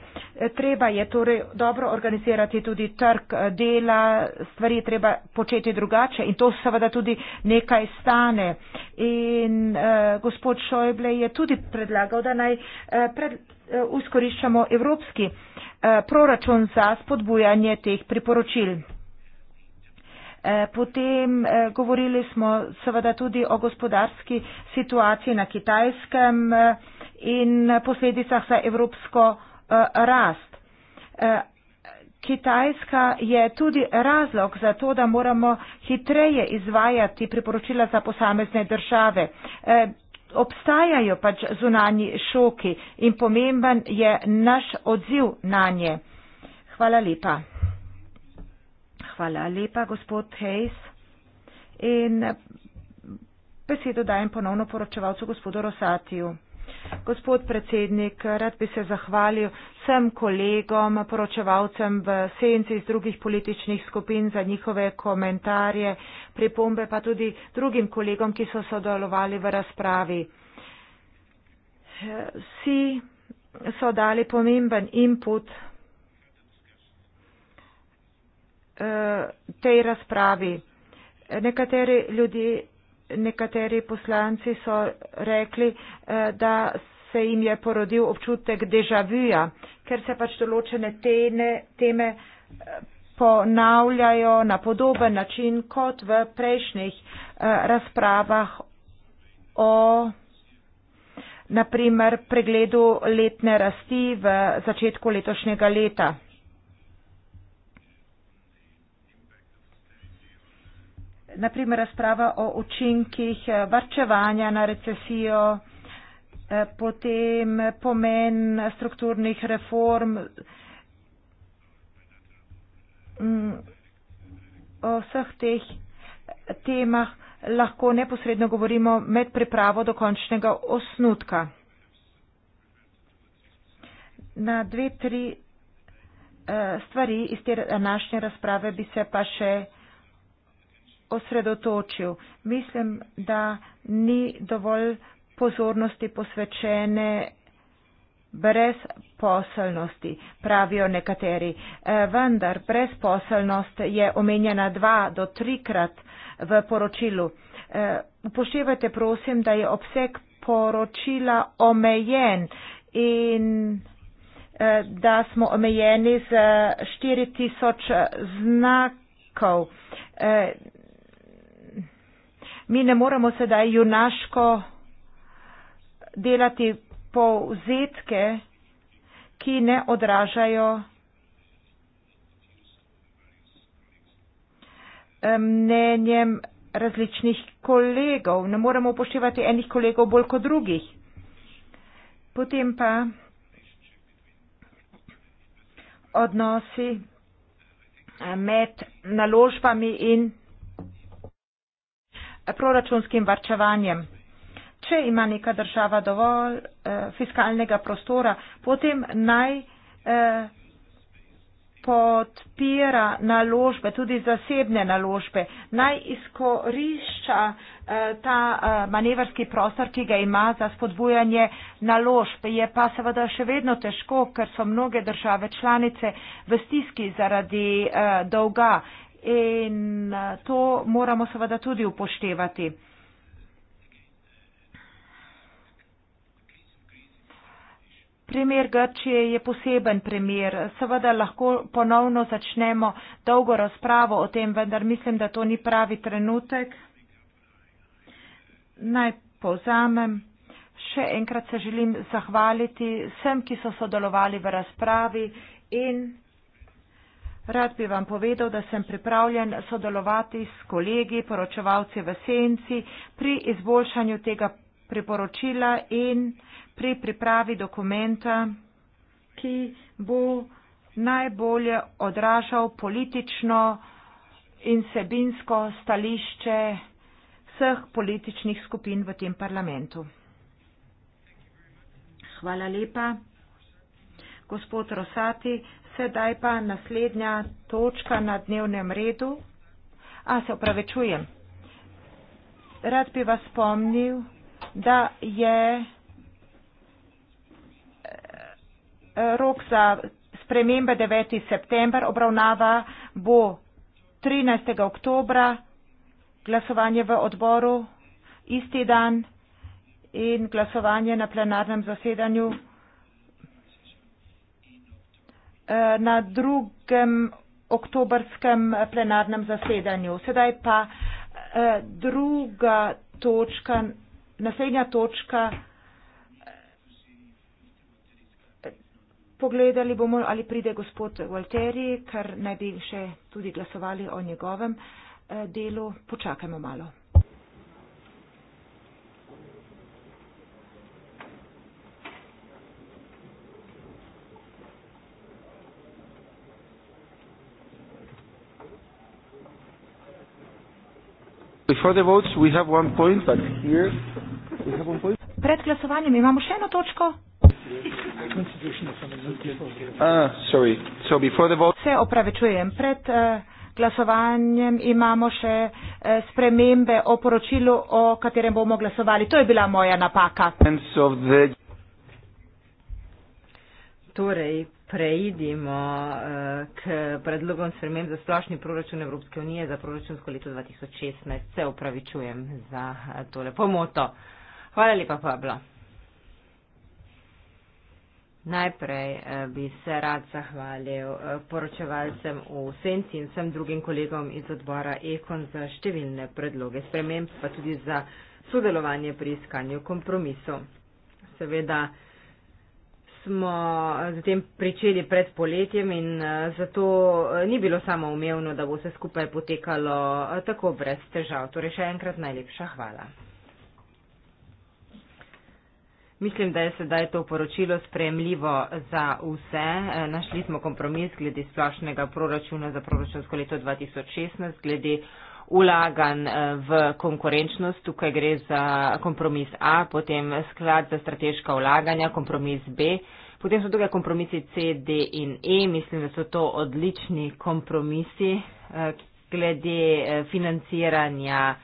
Treba je torej dobro organizirati tudi trg eh, dela, stvari je treba početi drugače in to seveda tudi nekaj stane. In uh, gospod Šojble je tudi predlagal, da naj uh, pred, uh, uskoriščamo evropski uh, proračun za spodbujanje teh priporočil. Eh, potem eh, govorili smo seveda tudi o gospodarski situaciji na kitajskem eh, in posledicah za evropsko rast. Kitajska je tudi razlog za to, da moramo hitreje izvajati priporočila za posamezne države. Obstajajo pač zunanji šoki in pomemben je naš odziv na nje. Hvala lepa. Hvala lepa, gospod Hejs. In besedo dajem ponovno poročevalcu gospodu Rosatiju. Gospod predsednik, rad bi se zahvalil vsem kolegom, poročevalcem v senci iz drugih političnih skupin za njihove komentarje, pripombe pa tudi drugim kolegom, ki so sodelovali v razpravi. Vsi so dali pomemben input uh, tej razpravi. Nekateri ljudje, nekateri poslanci so rekli, uh, da se jim je porodil občutek dežavija, ker se pač določene tene, teme eh, ponavljajo na podoben način kot v prejšnjih razpravah o naprimer pregledu letne rasti v začetku letošnjega leta. naprimer razprava o učinkih eh, varčevanja na recesijo, eh, potem pomen strukturnih reform, mm, o vseh teh eh, temah lahko neposredno govorimo med pripravo dokončnega osnutka. Na dve, tri stvari iz te današnje razprave bi se pa še osredotočil. Mislim, da ni dovolj pozornosti posvečene brezposelnosti, pravijo nekateri. E, vendar brezposelnost je omenjena dva do trikrat v poročilu. E, upoštevajte, prosim, da je obseg poročila omejen in e, da smo omejeni z 4000 znakov mi ne moremo sedaj junaško delati povzetke, ki ne odražajo mnenjem različnih kolegov. Ne moremo upoštevati enih kolegov bolj kot drugih. Potem pa odnosi eh, med naložbami in proračunskim varčevanjem. Če ima neka država dovolj eh, fiskalnega prostora, potem naj eh, podpira naložbe, tudi zasebne naložbe, naj izkorišča eh, ta eh, manevrski prostor, ki ga ima za spodbujanje naložb. Je pa seveda še vedno težko, ker so mnoge države članice v stiski zaradi eh, dolga in eh, to moramo seveda tudi upoštevati. Primer Grčije je poseben primer. Seveda lahko ponovno začnemo dolgo razpravo o tem, vendar mislim, da to ni pravi trenutek. Naj povzamem. Še enkrat se želim zahvaliti vsem, ki so sodelovali v razpravi in. Rad bi vam povedal, da sem pripravljen sodelovati s kolegi, poročevalci v senci pri izboljšanju tega priporočila in pri pripravi dokumenta, ki bo najbolje odražal politično in sebinsko stališče vseh političnih skupin v tem parlamentu. Hvala lepa. Gospod Rosati, sedaj pa naslednja točka na dnevnem redu. A se opravičujem. Rad bi vas spomnil, da je eh, rok za spremembe 9. september, obravnava bo 13. oktobra, glasovanje v odboru isti dan in glasovanje na plenarnem zasedanju Eh, na drugem oktobrskem plenarnem zasedanju. Sedaj pa eh, druga točka, naslednja točka. Eh, pogledali bomo, ali pride gospod Walteri, ker naj bi še tudi glasovali o njegovem delu. Počakajmo malo. Pred glasovanjem imamo še eno točko. Uh, Se opravičujem. Pred uh, glasovanjem imamo še uh, spremembe o poročilu, o katerem bomo glasovali. To je bila moja napaka. Torej, preidimo eh, k predlogom spremem za splošni proračun Evropske unije za proračunsko leto 2016. Se upravičujem za eh, tole pomoto. Hvala lepa, Pablo. Najprej eh, bi se rad zahvalil poročevalcem v Senci in vsem drugim kolegom iz odbora Ekon za številne predloge sprememb, pa tudi za sodelovanje pri iskanju kompromisov. Seveda, smo zatem pričeli pred poletjem in eh, zato eh, ni bilo samo umevno, da bo vse skupaj potekalo eh, tako brez težav. Torej še enkrat najlepša hvala. Mislim, da je sedaj to poročilo sprejemljivo za vse. E, našli smo kompromis glede splošnega proračuna za proračunsko leto 2016, glede ulagan e, v konkurenčnost. Tukaj gre za kompromis A, potem sklad za strateška ulaganja, kompromis B. Potem so tukaj kompromisi C, D in E. Mislim, da so to odlični kompromisi e, glede financiranja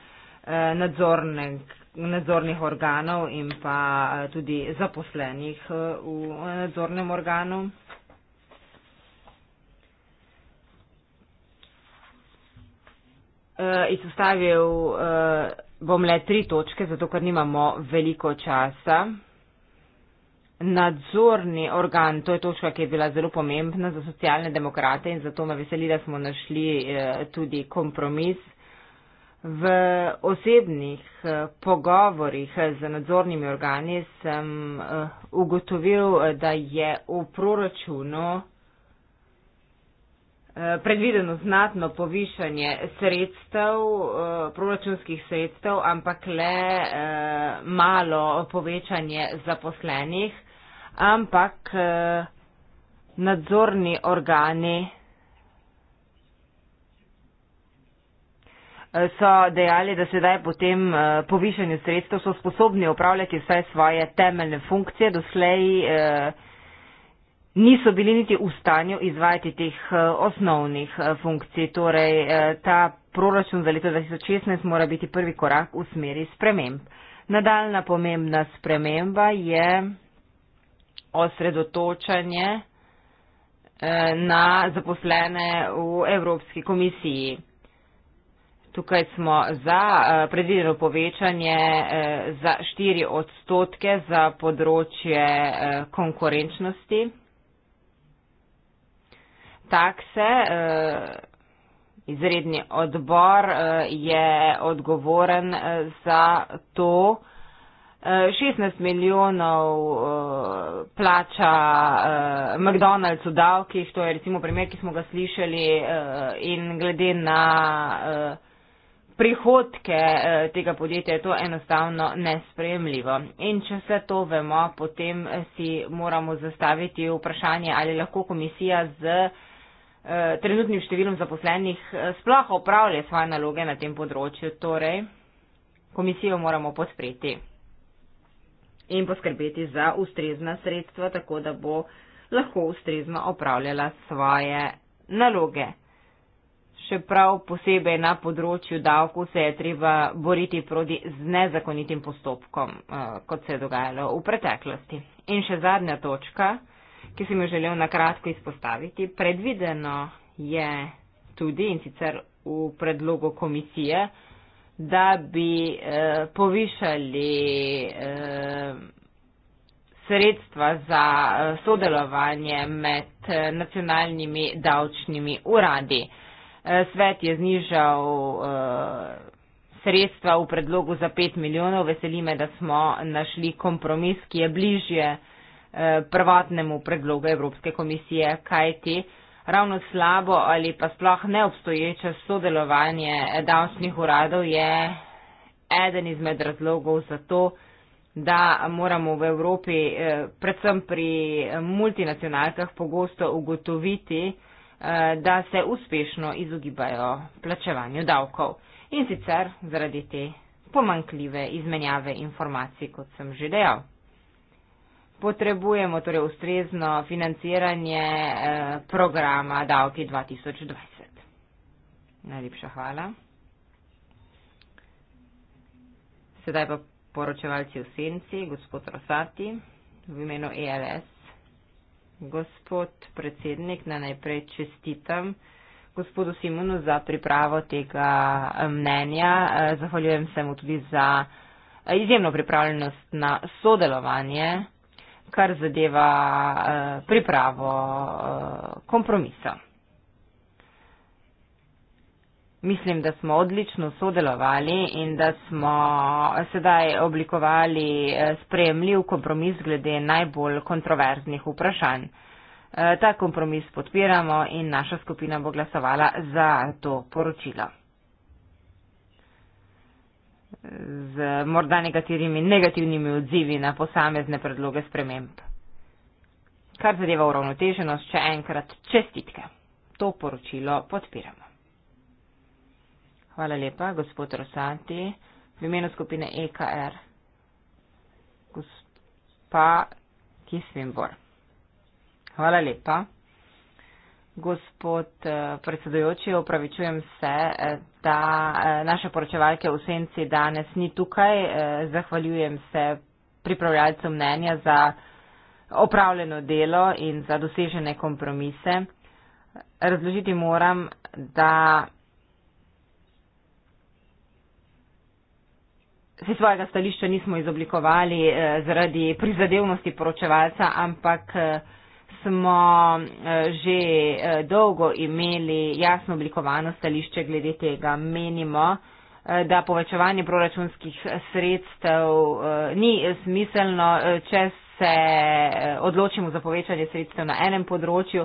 nadzornega nadzornih organov in pa eh, tudi zaposlenih eh, v nadzornem organu. Eh, izpostavil bom le tri točke, zato ker nimamo veliko časa. Nadzorni organ, to je točka, ki je bila zelo pomembna za socialne demokrate in zato me veseli, da smo našli tudi kompromis. V osebnih eh, pogovorjih eh, z nadzornimi organi sem eh, ugotovil, da je v proračunu predvideno znatno povišanje sredstev, proračunskih sredstev, ampak le malo povečanje zaposlenih, ampak nadzorni organi so dejali, da sedaj po tem eh, povišanju sredstev so sposobni upravljati vse svoje temeljne funkcije. Doslej eh, niso bili niti v stanju izvajati teh eh, osnovnih funkcij. Torej, ta proračun za leto 2016 mora biti prvi korak v smeri sprememb. Nadaljna pomembna sprememba je osredotočanje na zaposlene v Evropski komisiji. Tukaj smo za eh, predvideno povečanje eh, za 4 odstotke za področje eh, konkurenčnosti. Takse, izredni odbor je odgovoren za to. 16 milijonov plača McDonald's v davkih, to je recimo primer, ki smo ga slišali in glede na prihodke eh, tega podjetja je to enostavno nespremljivo. In če vse to vemo, potem si moramo zastaviti vprašanje, ali lahko komisija z eh, trenutnim številom zaposlenih eh, sploh opravlja svoje naloge na tem področju. Torej, komisijo moramo podpreti in poskrbeti za ustrezna sredstva, tako da bo lahko ustrezno opravljala svoje naloge še prav posebej na področju davku se je treba boriti proti z nezakonitim postopkom, eh, kot se je dogajalo v preteklosti. In še zadnja točka, ki sem jo želel na kratko izpostaviti, predvideno je tudi in sicer v predlogu komisije, da bi eh, povišali eh, sredstva za eh, sodelovanje med eh, nacionalnimi davčnimi uradi. Svet je znižal eh, sredstva v predlogu za 5 milijonov. Veseli me, da smo našli kompromis, ki je bližje eh, prvotnemu predlogu Evropske komisije, kaj ti ravno slabo ali pa sploh neobstoječe sodelovanje davčnih uradov je eden izmed razlogov za to, da moramo v Evropi, eh, predvsem pri multinacionalkah, pogosto ugotoviti, Eh, da se uspešno izogibajo plačevanju davkov. In sicer zaradi te pomankljive izmenjave informacij, kot sem že dejal. Potrebujemo torej ustrezno financiranje eh, programa Davki 2020. Najlepša hvala. Sedaj pa poročevalci v senci, gospod Rosati, v imenu ELS gospod predsednik, da najprej čestitam gospodu Simonu za pripravo tega eh, mnenja. Eh, zahvaljujem se mu tudi za eh, izjemno pripravljenost na sodelovanje, kar zadeva pripravo kompromisa. Mislim, da smo odlično sodelovali in da smo sedaj oblikovali eh, spremljiv kompromis glede najbolj kontroverznih vprašanj. Eh, ta kompromis podpiramo in naša skupina bo glasovala za to poročilo. Z morda nekaterimi negativnimi odzivi na posamezne predloge sprememb. Kar zadeva uravnoteženost, še enkrat čestitke. To poročilo podpiramo. Hvala lepa, gospod Rosanti. V imenu skupine EKR. Gospa Kisvimbor. Hvala lepa. Gospod eh, predsedujoči, opravičujem se, eh, da eh, naše poročevalke v senci danes ni tukaj. Zahvaljujem se pripravljalcu mnenja za opravljeno delo in za dosežene kompromise. Razložiti moram, da Si svojega stališča nismo izoblikovali eh, zaradi prizadevnosti poročevalca, ampak eh, smo eh, že eh, dolgo imeli jasno oblikovano stališče glede tega. Menimo, eh, da povečevanje proračunskih sredstev eh, ni smiselno, eh, če se eh, odločimo za povečanje sredstev na enem področju,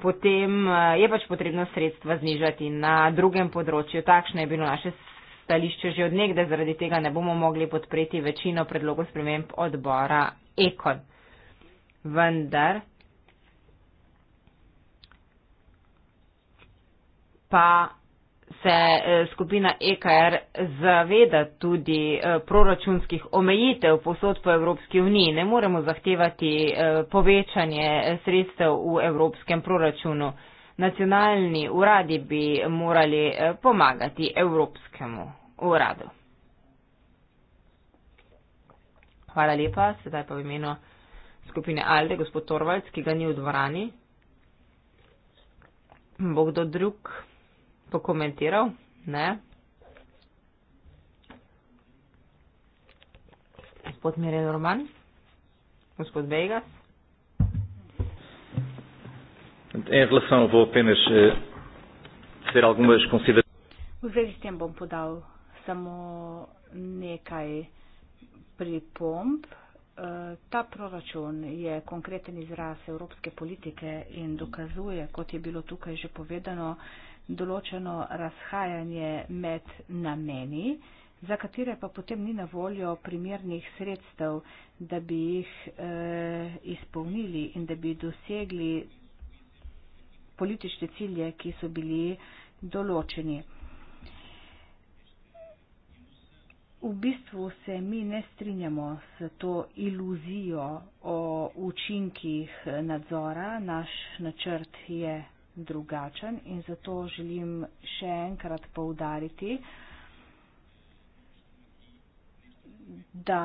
potem eh, je pač potrebno sredstva znižati na drugem področju. Takšno je bilo naše stališče stališče že odnegde, zaradi tega ne bomo mogli podpreti večino predlogov sprememb odbora Ekon. Vendar pa se e, skupina EKR zaveda tudi e, proračunskih omejitev posod po Evropski uniji. Ne moremo zahtevati e, povečanje sredstev v evropskem proračunu nacionalni uradi bi morali eh, pomagati Evropskemu uradu. Hvala lepa, sedaj pa v imenu skupine Alde, gospod Torvalc, ki ga ni v dvorani. Bo kdo drug pokomentiral? Ne. Gospod Mirel Roman, gospod Vegas. Em relação, vou apenas uh, eh, fazer algumas considerações. Vez tem bom podal samo nekaj pripomb. Eh, ta proračun je konkreten izraz evropske politike in dokazuje, kot je bilo tukaj že povedano, določeno razhajanje med nameni, za katere pa potem ni na voljo primernih sredstev, da bi jih eh, izpolnili in da bi dosegli politične cilje, ki so bili določeni. V bistvu se mi ne strinjamo s to iluzijo o učinkih nadzora. Naš načrt je drugačen in zato želim še enkrat poudariti, da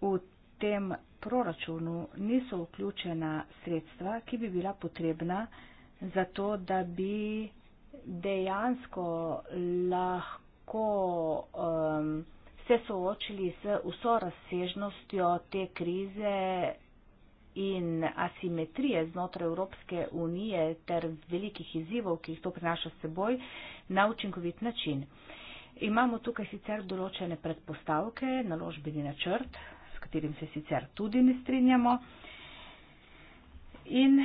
v tem proračunu niso vključena sredstva, ki bi bila potrebna zato da bi dejansko lahko um, se soočili z vso razsežnostjo te krize in asimetrije znotraj Evropske unije ter velikih izzivov, ki jih to prinaša s seboj, na učinkovit način. Imamo tukaj sicer določene predpostavke, naložbeni načrt, s katerim se sicer tudi ne strinjamo. In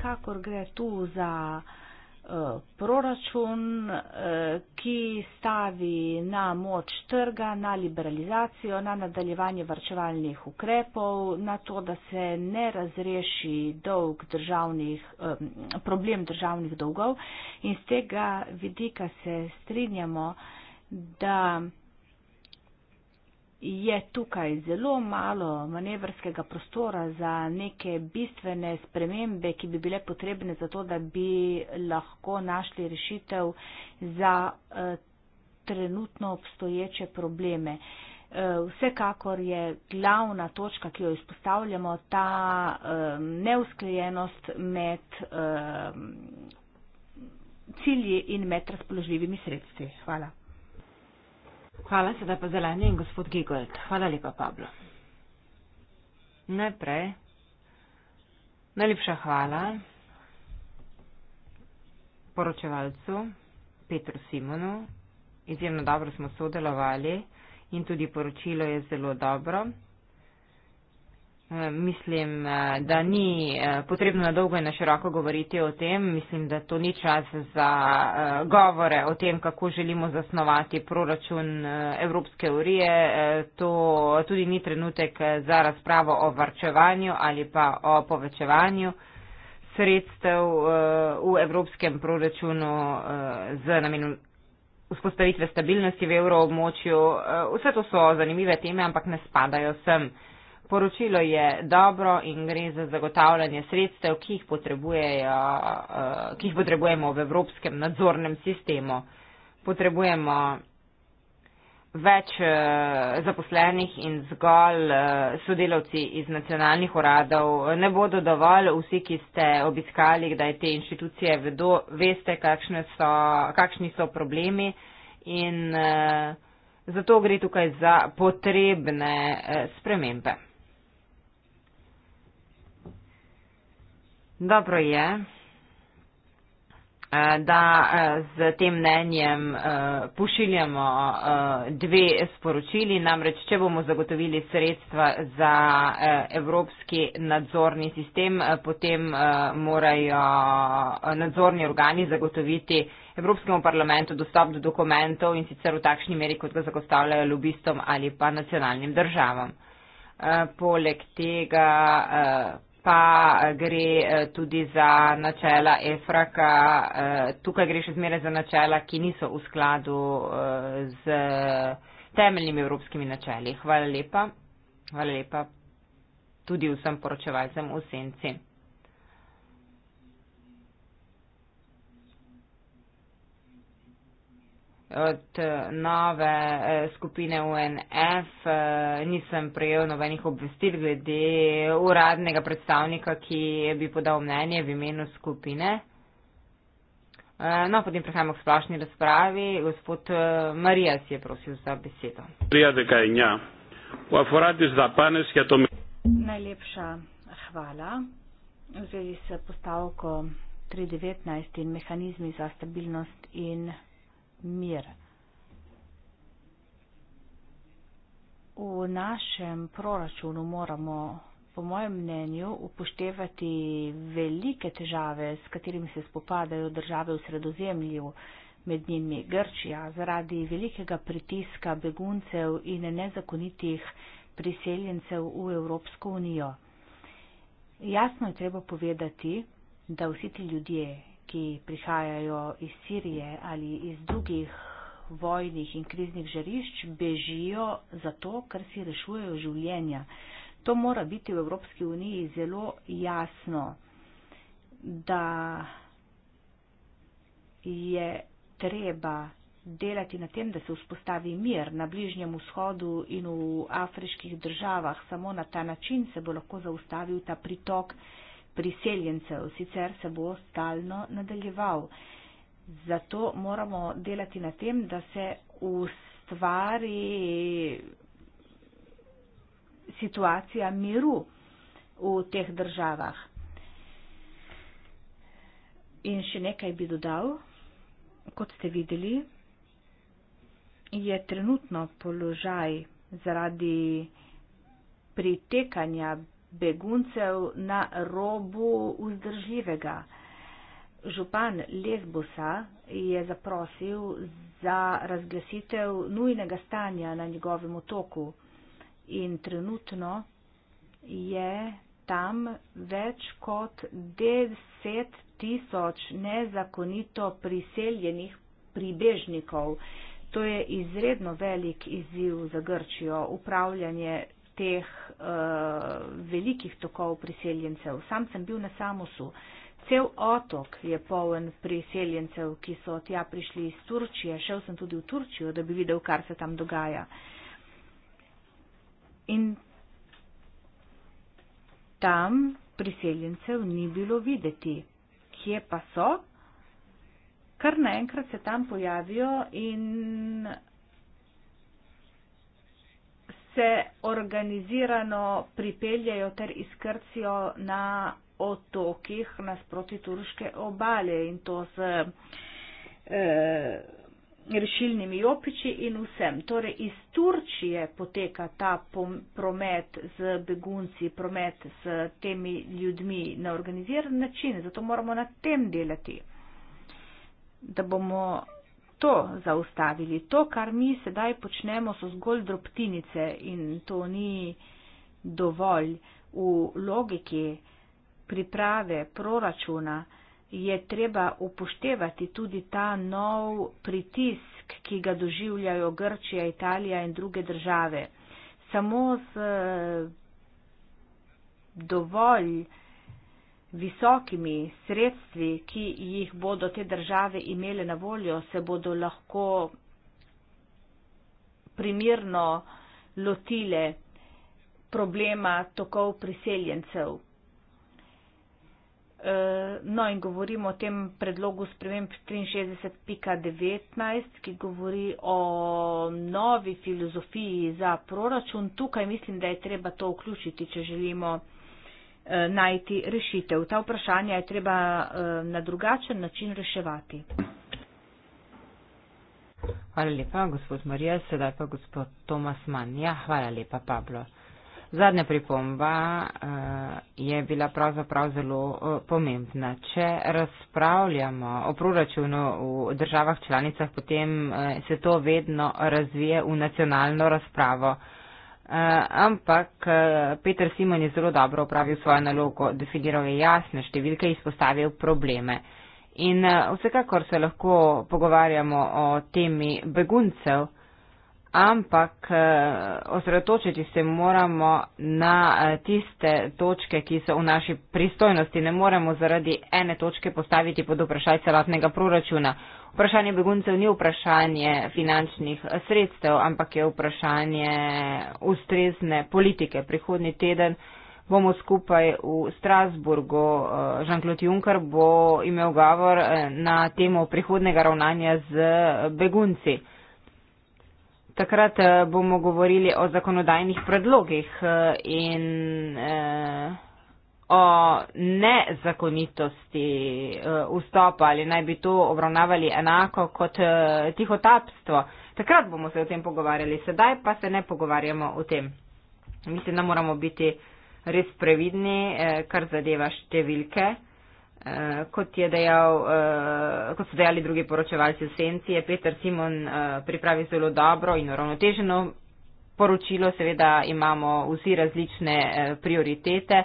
vsekakor gre tu za eh, proračun, eh, ki stavi na moč trga, na liberalizacijo, na nadaljevanje varčevalnih ukrepov, na to, da se ne razreši dolg državnih, eh, problem državnih dolgov. In z tega vidika se strinjamo, da je tukaj zelo malo manevrskega prostora za neke bistvene spremembe, ki bi bile potrebne za to, da bi lahko našli rešitev za eh, trenutno obstoječe probleme. Eh, vsekakor je glavna točka, ki jo izpostavljamo, ta eh, neusklejenost med cilji in med razpoložljivimi sredstvi. Hvala. Hvala, sedaj pa zelenje in gospod Gigold. Hvala lepa, Pablo. Najprej. Najlepša hvala poročevalcu Petru Simonu. Izjemno dobro smo sodelovali in tudi poročilo je zelo dobro. Mislim, eh, da ni eh, potrebno na dolgo in na široko govoriti o tem. Mislim, da to ni čas za eh, govore o tem, kako želimo zasnovati proračun Evropske urije. To tudi ni trenutek za razpravo o varčevanju ali pa o povečevanju sredstev v Evropskem proračunu z namenom vzpostavitve stabilnosti v evroobmočju. Vse to so zanimive teme, ampak ne spadajo sem. Poročilo je dobro in gre za zagotavljanje sredstev, ki jih, eh, ki jih potrebujemo v evropskem nadzornem sistemu. Potrebujemo več eh, zaposlenih in zgolj eh, sodelavci iz nacionalnih uradov. Ne bodo dovolj vsi, ki ste obiskali, da je te inštitucije vedo, veste, so, kakšni so problemi. In, Zato gre tukaj za potrebne spremembe. Dobro je, eh, da z eh, tem mnenjem eh, pošiljamo dve sporočili, namreč, če bomo zagotovili sredstva za evropski nadzorni sistem, potem morajo nadzorni organi zagotoviti Evropskemu parlamentu dostop do dokumentov in sicer v takšni meri, kot ga zagotavljajo lobistom ali pa nacionalnim državam. Poleg tega pa eh, gre eh, tudi za načela EFRAKA. Eh, tukaj gre še zmeraj za načela, ki niso v skladu z temeljnimi evropskimi načeli. Hvala lepa. Hvala lepa tudi vsem poročevalcem v senci. od eh, nove eh, skupine UNF eh, nisem prejel nobenih obvestil glede uradnega predstavnika, ki bi podal mnenje v imenu skupine. No, potem prehajamo k splošni razpravi. Gospod Marija si je prosil za besedo. Najlepša hvala. V zvezi s postavko 3.19 in mehanizmi za stabilnost in mir. V našem proračunu moramo, po mojem mnenju, upoštevati velike težave, s katerimi se spopadajo države v sredozemlju, med njimi Grčija, zaradi velikega pritiska beguncev in nezakonitih priseljencev v Evropsko unijo. Jasno je treba povedati, da vsi ti ljudje ki prihajajo iz Sirije ali iz drugih vojnih in kriznih žarišč, bežijo zato, ker si rešujejo življenja. To mora biti v Evropski uniji zelo jasno, da je treba delati na tem, da se vzpostavi mir na Bližnjem vzhodu in v afriških državah. Samo na ta način se bo lahko zaustavil ta pritok priseljencev, sicer se bo stalno nadaljeval. Zato moramo delati na tem, da se ustvari situacija miru v teh državah. In še nekaj bi dodal. Kot ste videli, je trenutno položaj zaradi pritekanja beguncev na robu vzdržljivega. Župan Lesbosa je zaprosil za razglasitev nujnega stanja na njegovem otoku in trenutno je tam več kot 10 tisoč nezakonito priseljenih pribežnikov. To je izredno velik izziv za Grčijo. Upravljanje teh uh, velikih tokov priseljencev. Sam sem bil na Samosu. Cel otok je poln priseljencev, ki so tja prišli iz Turčije. Šel sem tudi v Turčijo, da bi videl, kar se tam dogaja. In tam priseljencev ni bilo videti. Kje pa so? Kar naenkrat se tam pojavijo in se organizirano pripeljajo ter izkrcijo na otokih nasproti turške obale in to z eh, rešilnimi jopiči in vsem. Torej iz Turčije poteka ta promet z begunci, promet s temi ljudmi na organiziran način, zato moramo na tem delati, da bomo to zaustavili. To, kar mi sedaj počnemo, so zgolj drobtinice in to ni dovolj. V logiki priprave proračuna je treba upoštevati tudi ta nov pritisk, ki ga doživljajo Grčija, Italija in druge države. Samo z dovolj visokimi sredstvi, ki jih bodo te države imele na voljo, se bodo lahko primirno lotile problema tokov priseljencev. E, no in govorimo o tem predlogu sprememb 63.19, ki govori o novi filozofiji za proračun. Tukaj mislim, da je treba to vključiti, če želimo Eh, najti rešitev. Ta vprašanja je treba eh, na drugačen način reševati. Hvala lepa, gospod Marija, sedaj pa gospod Tomas Mann. Ja, hvala lepa, Pablo. Zadnja pripomba uh, je bila pravzaprav zelo uh, pomembna. Če razpravljamo o proračunu v državah članicah, potem uh, se to vedno razvije v nacionalno razpravo. Uh, Eh, ampak eh, Peter Simon je zelo dobro upravil svojo nalogo, definiral je jasne številke, izpostavil probleme. In eh, vsekakor se lahko pogovarjamo o temi beguncev, ampak osredotočiti se moramo na tiste točke, ki so v naši pristojnosti. Ne moremo zaradi ene točke postaviti pod vprašaj celotnega proračuna. Vprašanje beguncev ni vprašanje finančnih sredstev, ampak je vprašanje ustrezne politike. Prihodni teden bomo skupaj v Strasburgu. Žanklot eh, Juncker bo imel govor eh, na temo prihodnega ravnanja z begunci. Takrat eh, bomo govorili o zakonodajnih predlogih in. Eh, o nezakonitosti e, vstopa ali naj bi to obravnavali enako kot e, tihotapstvo. Takrat bomo se o tem pogovarjali, sedaj pa se ne pogovarjamo o tem. Mislim, da moramo biti res previdni, e, kar zadeva številke. Kot, je dejal, kot so dejali drugi poročevalci v senci, je Peter Simon pripravil zelo dobro in uravnoteženo poročilo. Seveda imamo vsi različne prioritete,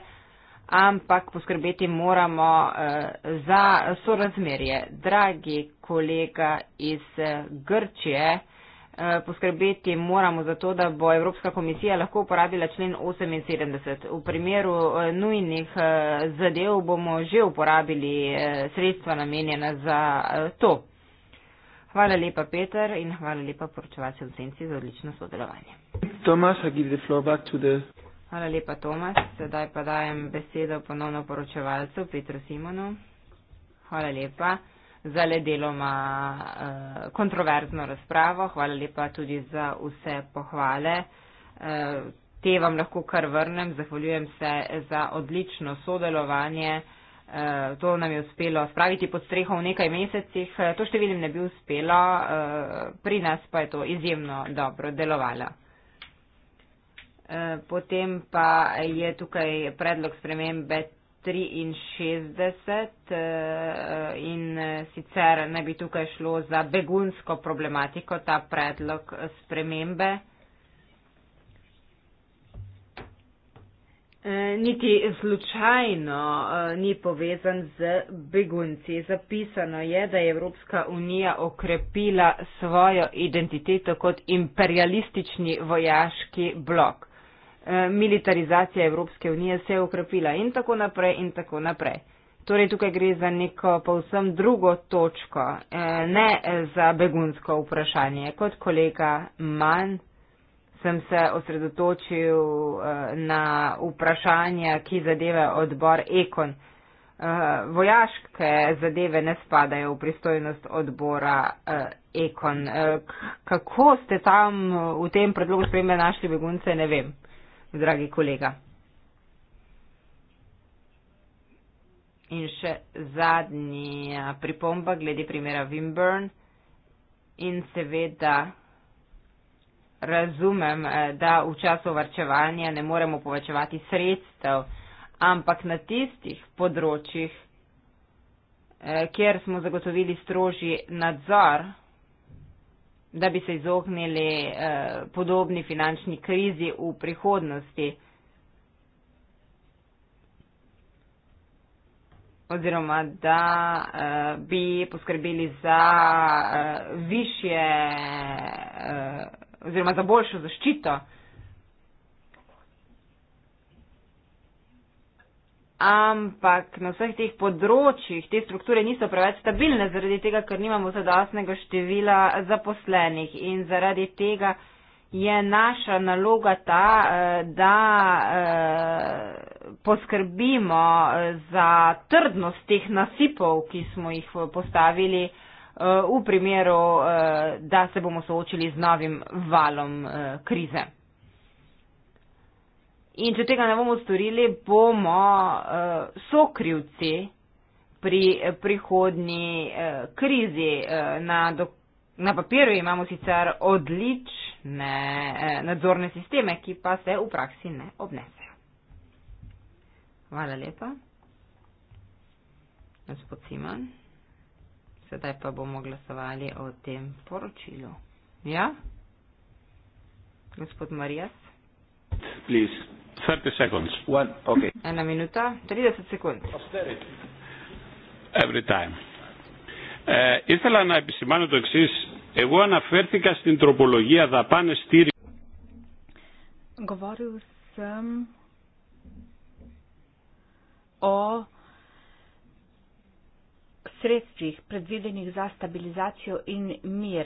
ampak poskrbeti moramo eh, za sorazmerje. Dragi kolega iz eh, Grčije, eh, poskrbeti moramo za to, da bo Evropska komisija lahko uporabila člen 78. V primeru eh, nujnih eh, zadev bomo že uporabili eh, sredstva namenjena za eh, to. Hvala lepa, Peter, in hvala lepa poročevalcem v senci za odlično sodelovanje. Tomas, Hvala lepa, Tomas. Sedaj pa dajem besedo ponovno poročevalcu Petru Simonu. Hvala lepa za le deloma eh, kontroverzno razpravo. Hvala lepa tudi za vse pohvale. Eh, te vam lahko kar vrnem. Zahvaljujem se za odlično sodelovanje. Eh, to nam je uspelo spraviti pod streho v nekaj mesecih. To številim ne bi uspelo. Pri nas pa je to izjemno dobro delovalo. Eh, potem pa je tukaj predlog spremembe 63 eh, in eh, sicer ne bi tukaj šlo za begunsko problematiko ta predlog spremembe. Niti slučajno ni povezan z begunci. Zapisano je, da je Evropska unija okrepila svojo identiteto kot imperialistični vojaški blok. Eh, militarizacija Evropske unije se je okrepila in tako naprej in tako naprej. Torej tukaj gre za neko povsem drugo točko, eh, ne za begunsko vprašanje. Kot kolega manj sem se osredotočil eh, na vprašanja, ki zadeve odbor Ekon. Vojaške zadeve ne spadajo v pristojnost odbora Ekon. Kako ste tam v tem predlogu spremembe našli begunce, ne vem dragi kolega. In še zadnja pripomba glede primera Wimburn in seveda razumem, eh, da v času varčevanja ne moremo povečevati sredstev, ampak na tistih področjih, eh, kjer smo zagotovili strožji nadzor, da bi se izognili eh, podobni finančni krizi v prihodnosti. Oziroma, da eh, bi poskrbeli za eh, višje eh, oziroma za boljšo zaščito eh, ampak na vseh teh področjih te strukture niso preveč stabilne, zaradi tega, ker nimamo zadostnega števila zaposlenih in zaradi tega je naša naloga ta, eh, da eh, poskrbimo eh, za trdnost teh nasipov, ki smo jih postavili v primeru, da se bomo soočili z novim valom krize. In če tega ne bomo storili, bomo uh, sokrivci pri uh, prihodni uh, eh, krizi. Uh, na, do, na papiru imamo sicer odlične uh, nadzorne sisteme, ki pa se v praksi ne obnesejo. Hvala lepa. Gospod Simon, sedaj pa bomo glasovali o tem poročilu. Ja? Gospod Marijas? Please. 30 seconds. One, okay. Ena minuta, 30 sekund. Every time. Ε, eh, ήθελα να επισημάνω το εξή. Εγώ αναφέρθηκα στην τροπολογία δαπάνε στήριξη. Говорил съм о средствах, предвиденных за стабилизацию и мир.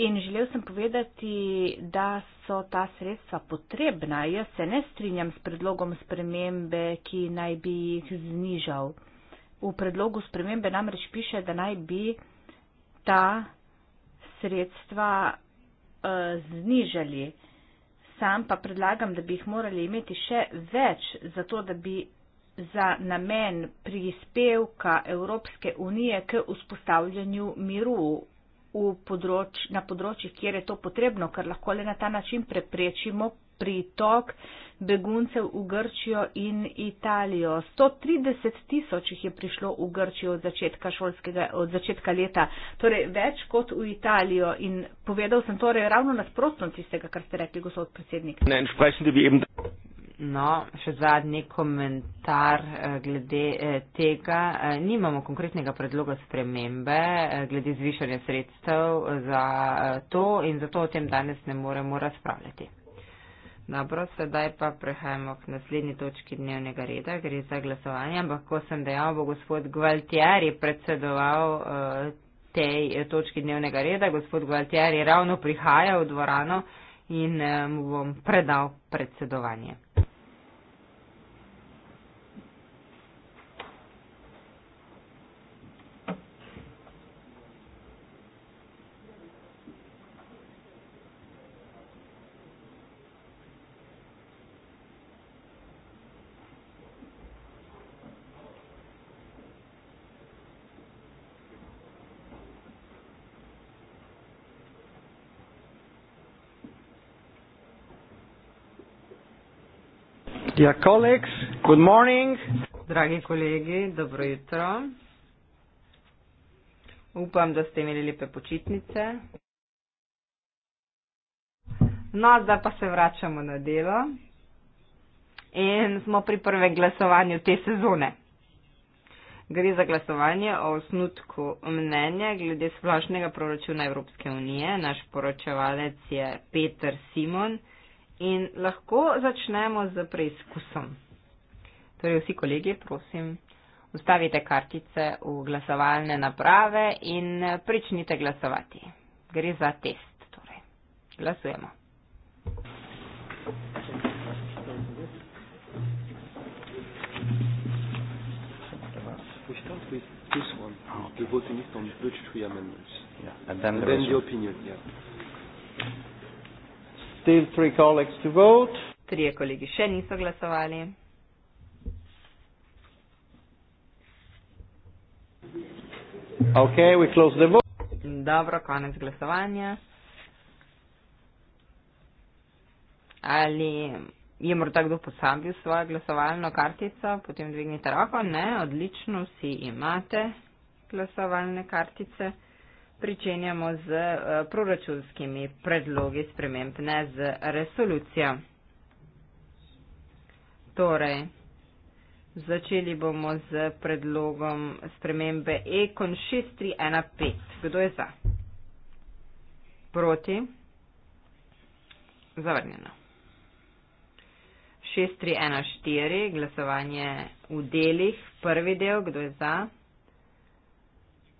In želel sem povedati, da so ta sredstva potrebna. Jaz se ne strinjam s predlogom spremembe, ki naj bi jih znižal. V predlogu spremembe namreč piše, da naj bi ta sredstva uh, znižali. Sam pa predlagam, da bi jih morali imeti še več, zato da bi za namen prispevka Evropske unije k vzpostavljanju miru v področ, na področjih, kjer je to potrebno, ker lahko le na ta način preprečimo pritok beguncev v Grčijo in Italijo. 130 tisoč jih je prišlo v Grčijo od začetka, šolskega, od začetka leta, torej več kot v Italijo. In povedal sem torej ravno nasprotno tistega, kar ste rekli, gospod predsednik. Ne, No, še zadnji komentar eh, glede eh, tega. Eh, nimamo konkretnega predloga spremembe glede zvišanja sredstev za to in zato o tem danes ne moremo razpravljati. Dobro, sedaj pa prehajamo k naslednji točki dnevnega reda. Gre za glasovanje, ampak ko sem dejal, bo gospod Gvaltjer je predsedoval tej točki dnevnega reda. Gospod Gvaltjer je ravno prihajal v dvorano in mu bom predal predsedovanje. Dear colleagues, good morning. Dragi kolegi, dobro jutro. Upam, da ste imeli lepe počitnice. No, zdaj pa se vračamo na delo in smo pri prvem glasovanju te sezone. Gre za glasovanje o osnutku mnenja glede splošnega proračuna Evropske unije. Naš poročevalec je Peter Simon in lahko začnemo z preizkusom. Torej, vsi kolegi, prosim, ustavite kartice v glasovalne naprave in pričnite glasovati. Gre za test. Torej. Glasujemo. This one, oh, okay. the voting is on the British free amendments. Yeah. And then, and the, then the opinion, yeah. Still three colleagues to vote. Trije kolegi še niso glasovali. Okay, we close the vote. Dobro, konec glasovanja. Ali je morda kdo posabil svojo glasovalno kartico, potem dvignite roko. Ne, odlično, vsi imate glasovalne kartice. Pričenjamo z eh, proračunskimi predlogi sprememb, ne z resolucijo. Torej, začeli bomo z predlogom spremembe Ekon 6315. Kdo je za? Proti? Zavrnjeno. 6314, glasovanje v delih, prvi del, kdo je za?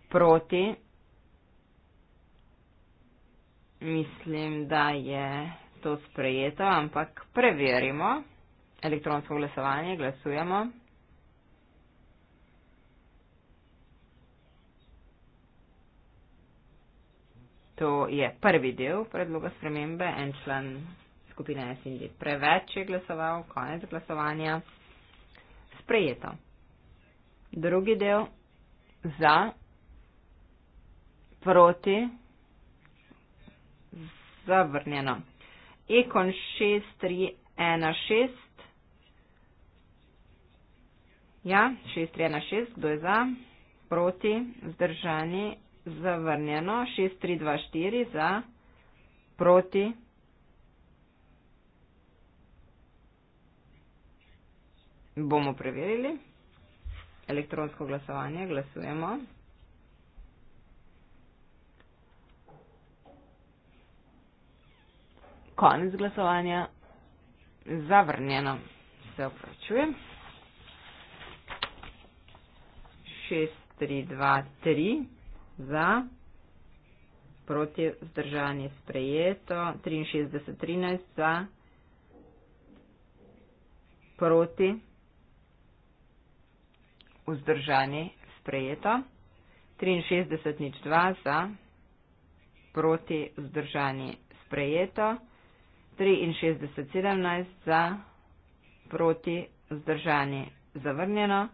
Proti? mislim, da je to sprejeto, ampak preverimo. Elektronsko glasovanje, glasujemo. To je prvi del predloga spremembe. En član skupine SND preveč je glasoval, konec glasovanja. Sprejeto. Drugi del za, proti zavrnjeno. Ekon 6316. Ja, 6316, kdo je za? Proti, zdržani, zavrnjeno. 6324 za, proti. Bomo preverili elektronsko glasovanje, glasujemo. konec glasovanja. Zavrnjeno. Se opravičujem. 6, 3, 2, 3 za, proti vzdržanje sprejeto, 63, 13 za, proti vzdržanje sprejeto, 63, nič 2 za, proti vzdržanje sprejeto. 63, 17 za, proti, vzdržani, zavrnjeno.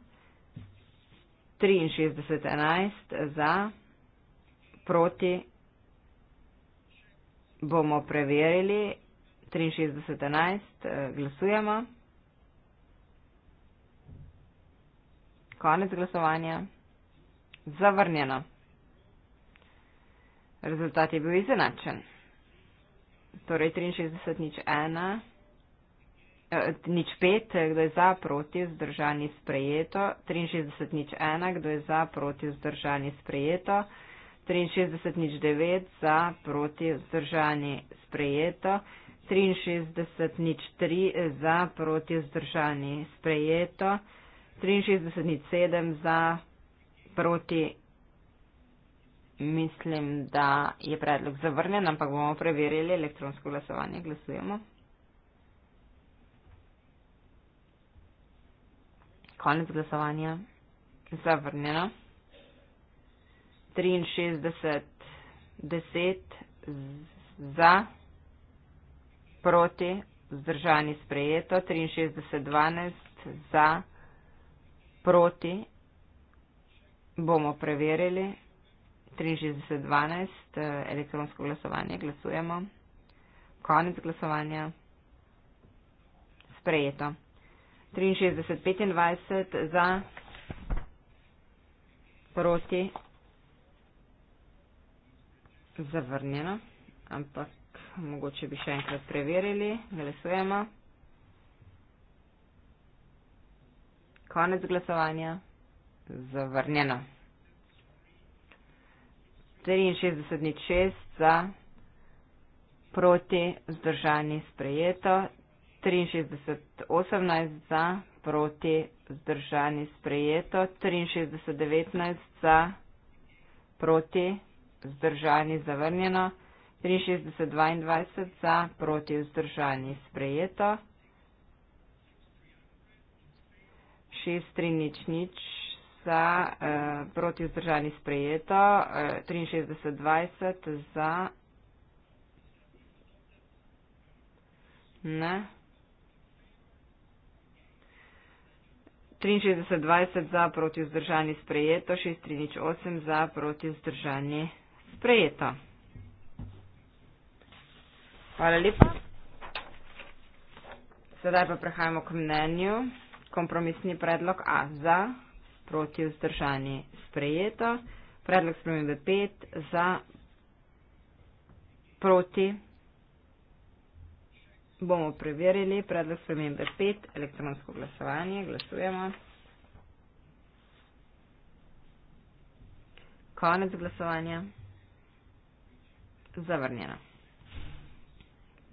63, 11 za, proti, bomo preverili. 63, 11 eh, glasujemo. Konec glasovanja. Zavrnjeno. Rezultat je bil izenačen. Torej 63 nič 1, eh, nič 5, eh, kdo je za, proti, zdržani, sprejeto. 63 nič 1, kdo je za, proti, zdržani, sprejeto. 63 nič 9, za, proti, zdržani, sprejeto. 63 nič 3, eh, za, proti, zdržani, sprejeto. 63 nič 7, za, proti, zdržani, sprejeto mislim, da je predlog zavrnjen, ampak bomo preverili elektronsko glasovanje. Glasujemo. Konec glasovanja. Zavrnjeno. 63, 10 za, proti, vzdržani sprejeto. 63, 12 za, proti. Bomo preverili. 6312, eh, elektronsko glasovanje, glasujemo. Konec glasovanja. Sprejeto. 6325 za, proti, zavrnjeno, ampak mogoče bi še enkrat preverili. Glasujemo. Konec glasovanja, zavrnjeno. 63 nič 6 za, proti vzdržani sprejeto, 63 18 za, proti vzdržani sprejeto, 63 19 za, proti vzdržani zavrnjeno, 63 22 za, proti vzdržani sprejeto, 6 3 nič nič za, eh, proti vzdržani sprejeto, eh, 63-20 za. Ne. 63-20 za proti vzdržani sprejeto, 6-3-8 za proti vzdržani sprejeto. Hvala lepa. Sedaj pa prehajamo k mnenju. Kompromisni predlog A za proti vzdržani sprejeto. Predlog spremembe 5 za proti. Bomo preverili predlog spremembe 5, elektronsko glasovanje. Glasujemo. Konec glasovanja. Zavrnjeno.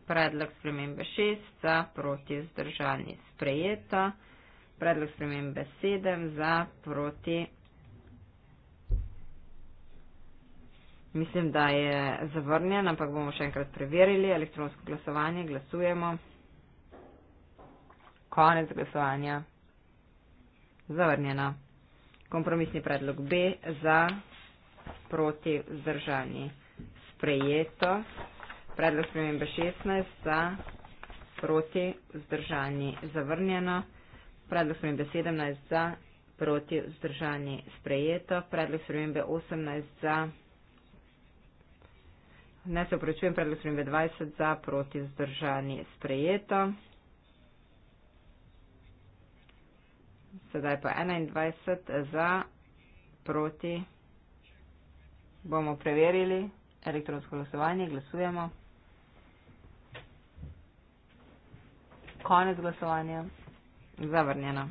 Predlog spremembe 6 za proti vzdržani sprejeto predlog spremembe 7 za proti. Mislim, da je zavrnjen, ampak bomo še enkrat preverili. Elektronsko glasovanje, glasujemo. Konec glasovanja. Zavrnjeno. Kompromisni predlog B za proti vzdržani. Sprejeto. Predlog spremembe 16 za proti vzdržani. Zavrnjeno. Predlog spremembe 17 za, proti vzdržanje sprejeto. Predlog spremembe 18 za, ne se upravičujem, predlog spremembe 20 za, proti vzdržanje sprejeto. Sedaj pa 21 za, proti. Bomo preverili elektronsko glasovanje, glasujemo. Konec glasovanja. Zavrnjeno.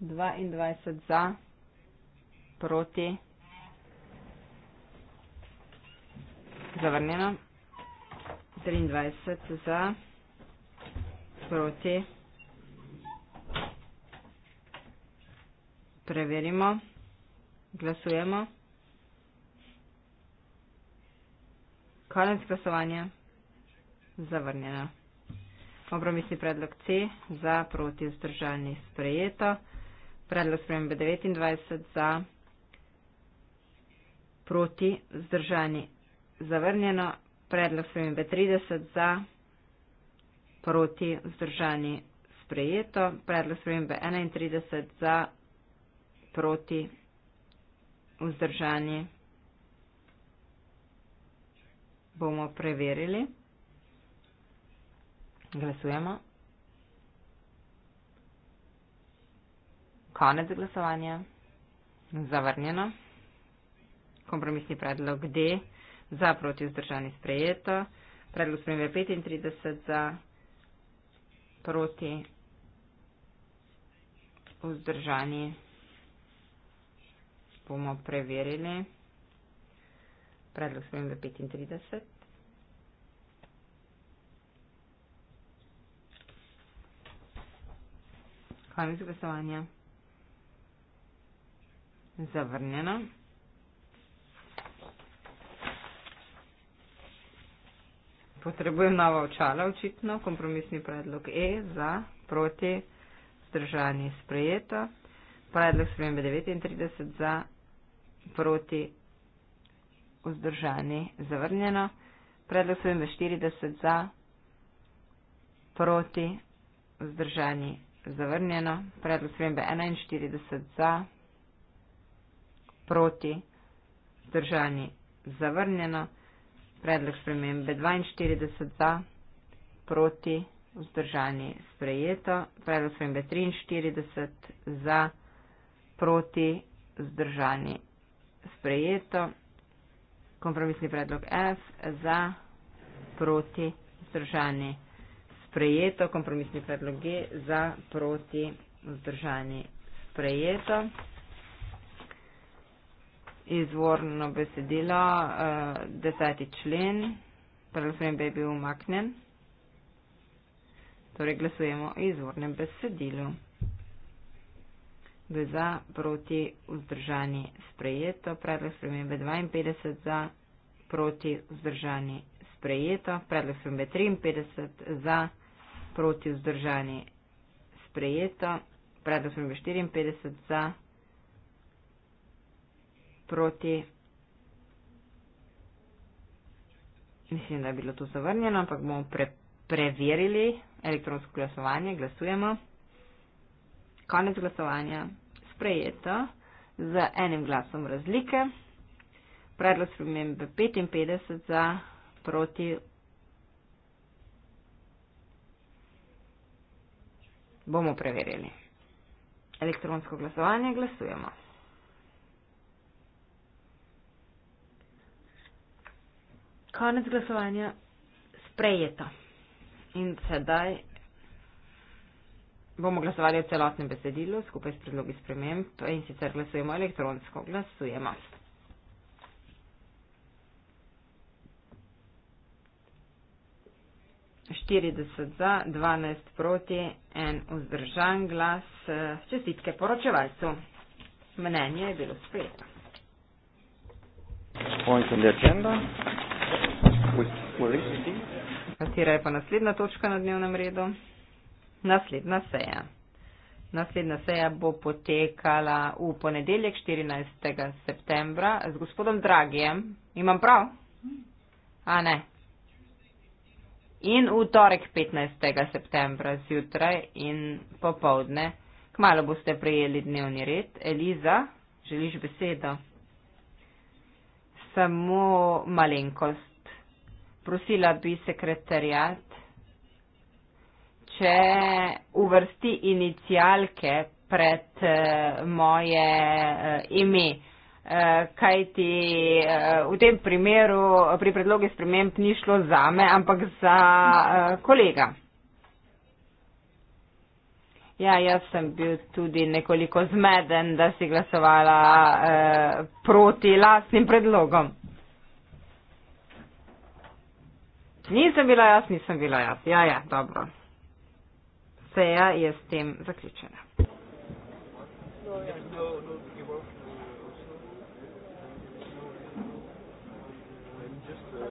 22 za, proti. Zavrnjeno. 23 za, proti. Preverimo. Glasujemo. Konec glasovanja. Zavrnjeno obromisni predlog C za proti vzdržani sprejeto, predlog spremembe 29 za proti vzdržani zavrnjeno, predlog spremembe 30 za proti vzdržani sprejeto, predlog spremembe 31 za proti vzdržani bomo preverili. Glasujemo. Konec glasovanja. Zavrnjeno. Kompromisni predlog D za proti vzdržani sprejeto. Predlog spremembe 35 za proti vzdržani bomo preverili. Predlog spremembe 35. Konec glasovanja. Zavrnjeno. Potrebujem nova očala, očitno. Kompromisni predlog E za proti zdržanje sprejeto. Predlog spremembe 39 za proti vzdržanje zavrnjeno. Predlog spremembe 40 za proti vzdržanje zavrnjeno zavrnjeno. Predlog spremembe 41 za, proti, vzdržani zavrnjeno. Predlog spremembe 42 za, proti, vzdržani sprejeto. Predlog spremembe 43 za, proti, vzdržani sprejeto. Kompromisni predlog F za, proti, vzdržani sprejeto sprejeto, kompromisni predlog G za proti vzdržanje sprejeto. Izvorno besedilo, uh, deseti člen, predvsem bi bil umaknen. Torej glasujemo o izvornem besedilu. Kdo je za, proti, vzdržani, sprejeto. Predlog spremembe 52 za, proti, vzdržani, sprejeto. Predlog spremembe 53 za proti vzdržani sprejeto, predlog smo imeli 54 za, proti, mislim, da je bilo to zavrnjeno, ampak bomo pre, preverili elektronsko glasovanje, glasujemo. Konec glasovanja, sprejeto, z enim glasom razlike, predlog smo imeli 55 za, proti vzdržani sprejeto. Bomo preverili. Elektronsko glasovanje glasujemo. Konec glasovanja sprejeto. In sedaj bomo glasovali o celotnem besedilu skupaj s predlogi sprememb in sicer glasujemo elektronsko. Glasujemo. 40 za, 12 proti, en vzdržan glas, eh, čestitke poročevalcu. Mnenje je bilo spet. Katera je pa naslednja točka na dnevnem redu? Naslednja seja. Naslednja seja bo potekala v ponedeljek 14. septembra z gospodom Dragijem. Imam prav? A ne? in v torek 15. septembra zjutraj in popovdne. Kmalo boste prejeli dnevni red. Eliza, želiš besedo? Samo malenkost. Prosila bi sekretarjat, če uvrsti inicialke pred eh, moje eh, ime. Eh, kajti eh, v tem primeru pri predlogi sprememb ni šlo za me, ampak za eh, kolega. Ja, jaz sem bil tudi nekoliko zmeden, da si glasovala proti lastnim predlogom. Nisem bila jaz, nisem bila jaz. Ja, ja, dobro. Seja je s tem zaključena. No, ja, no, no.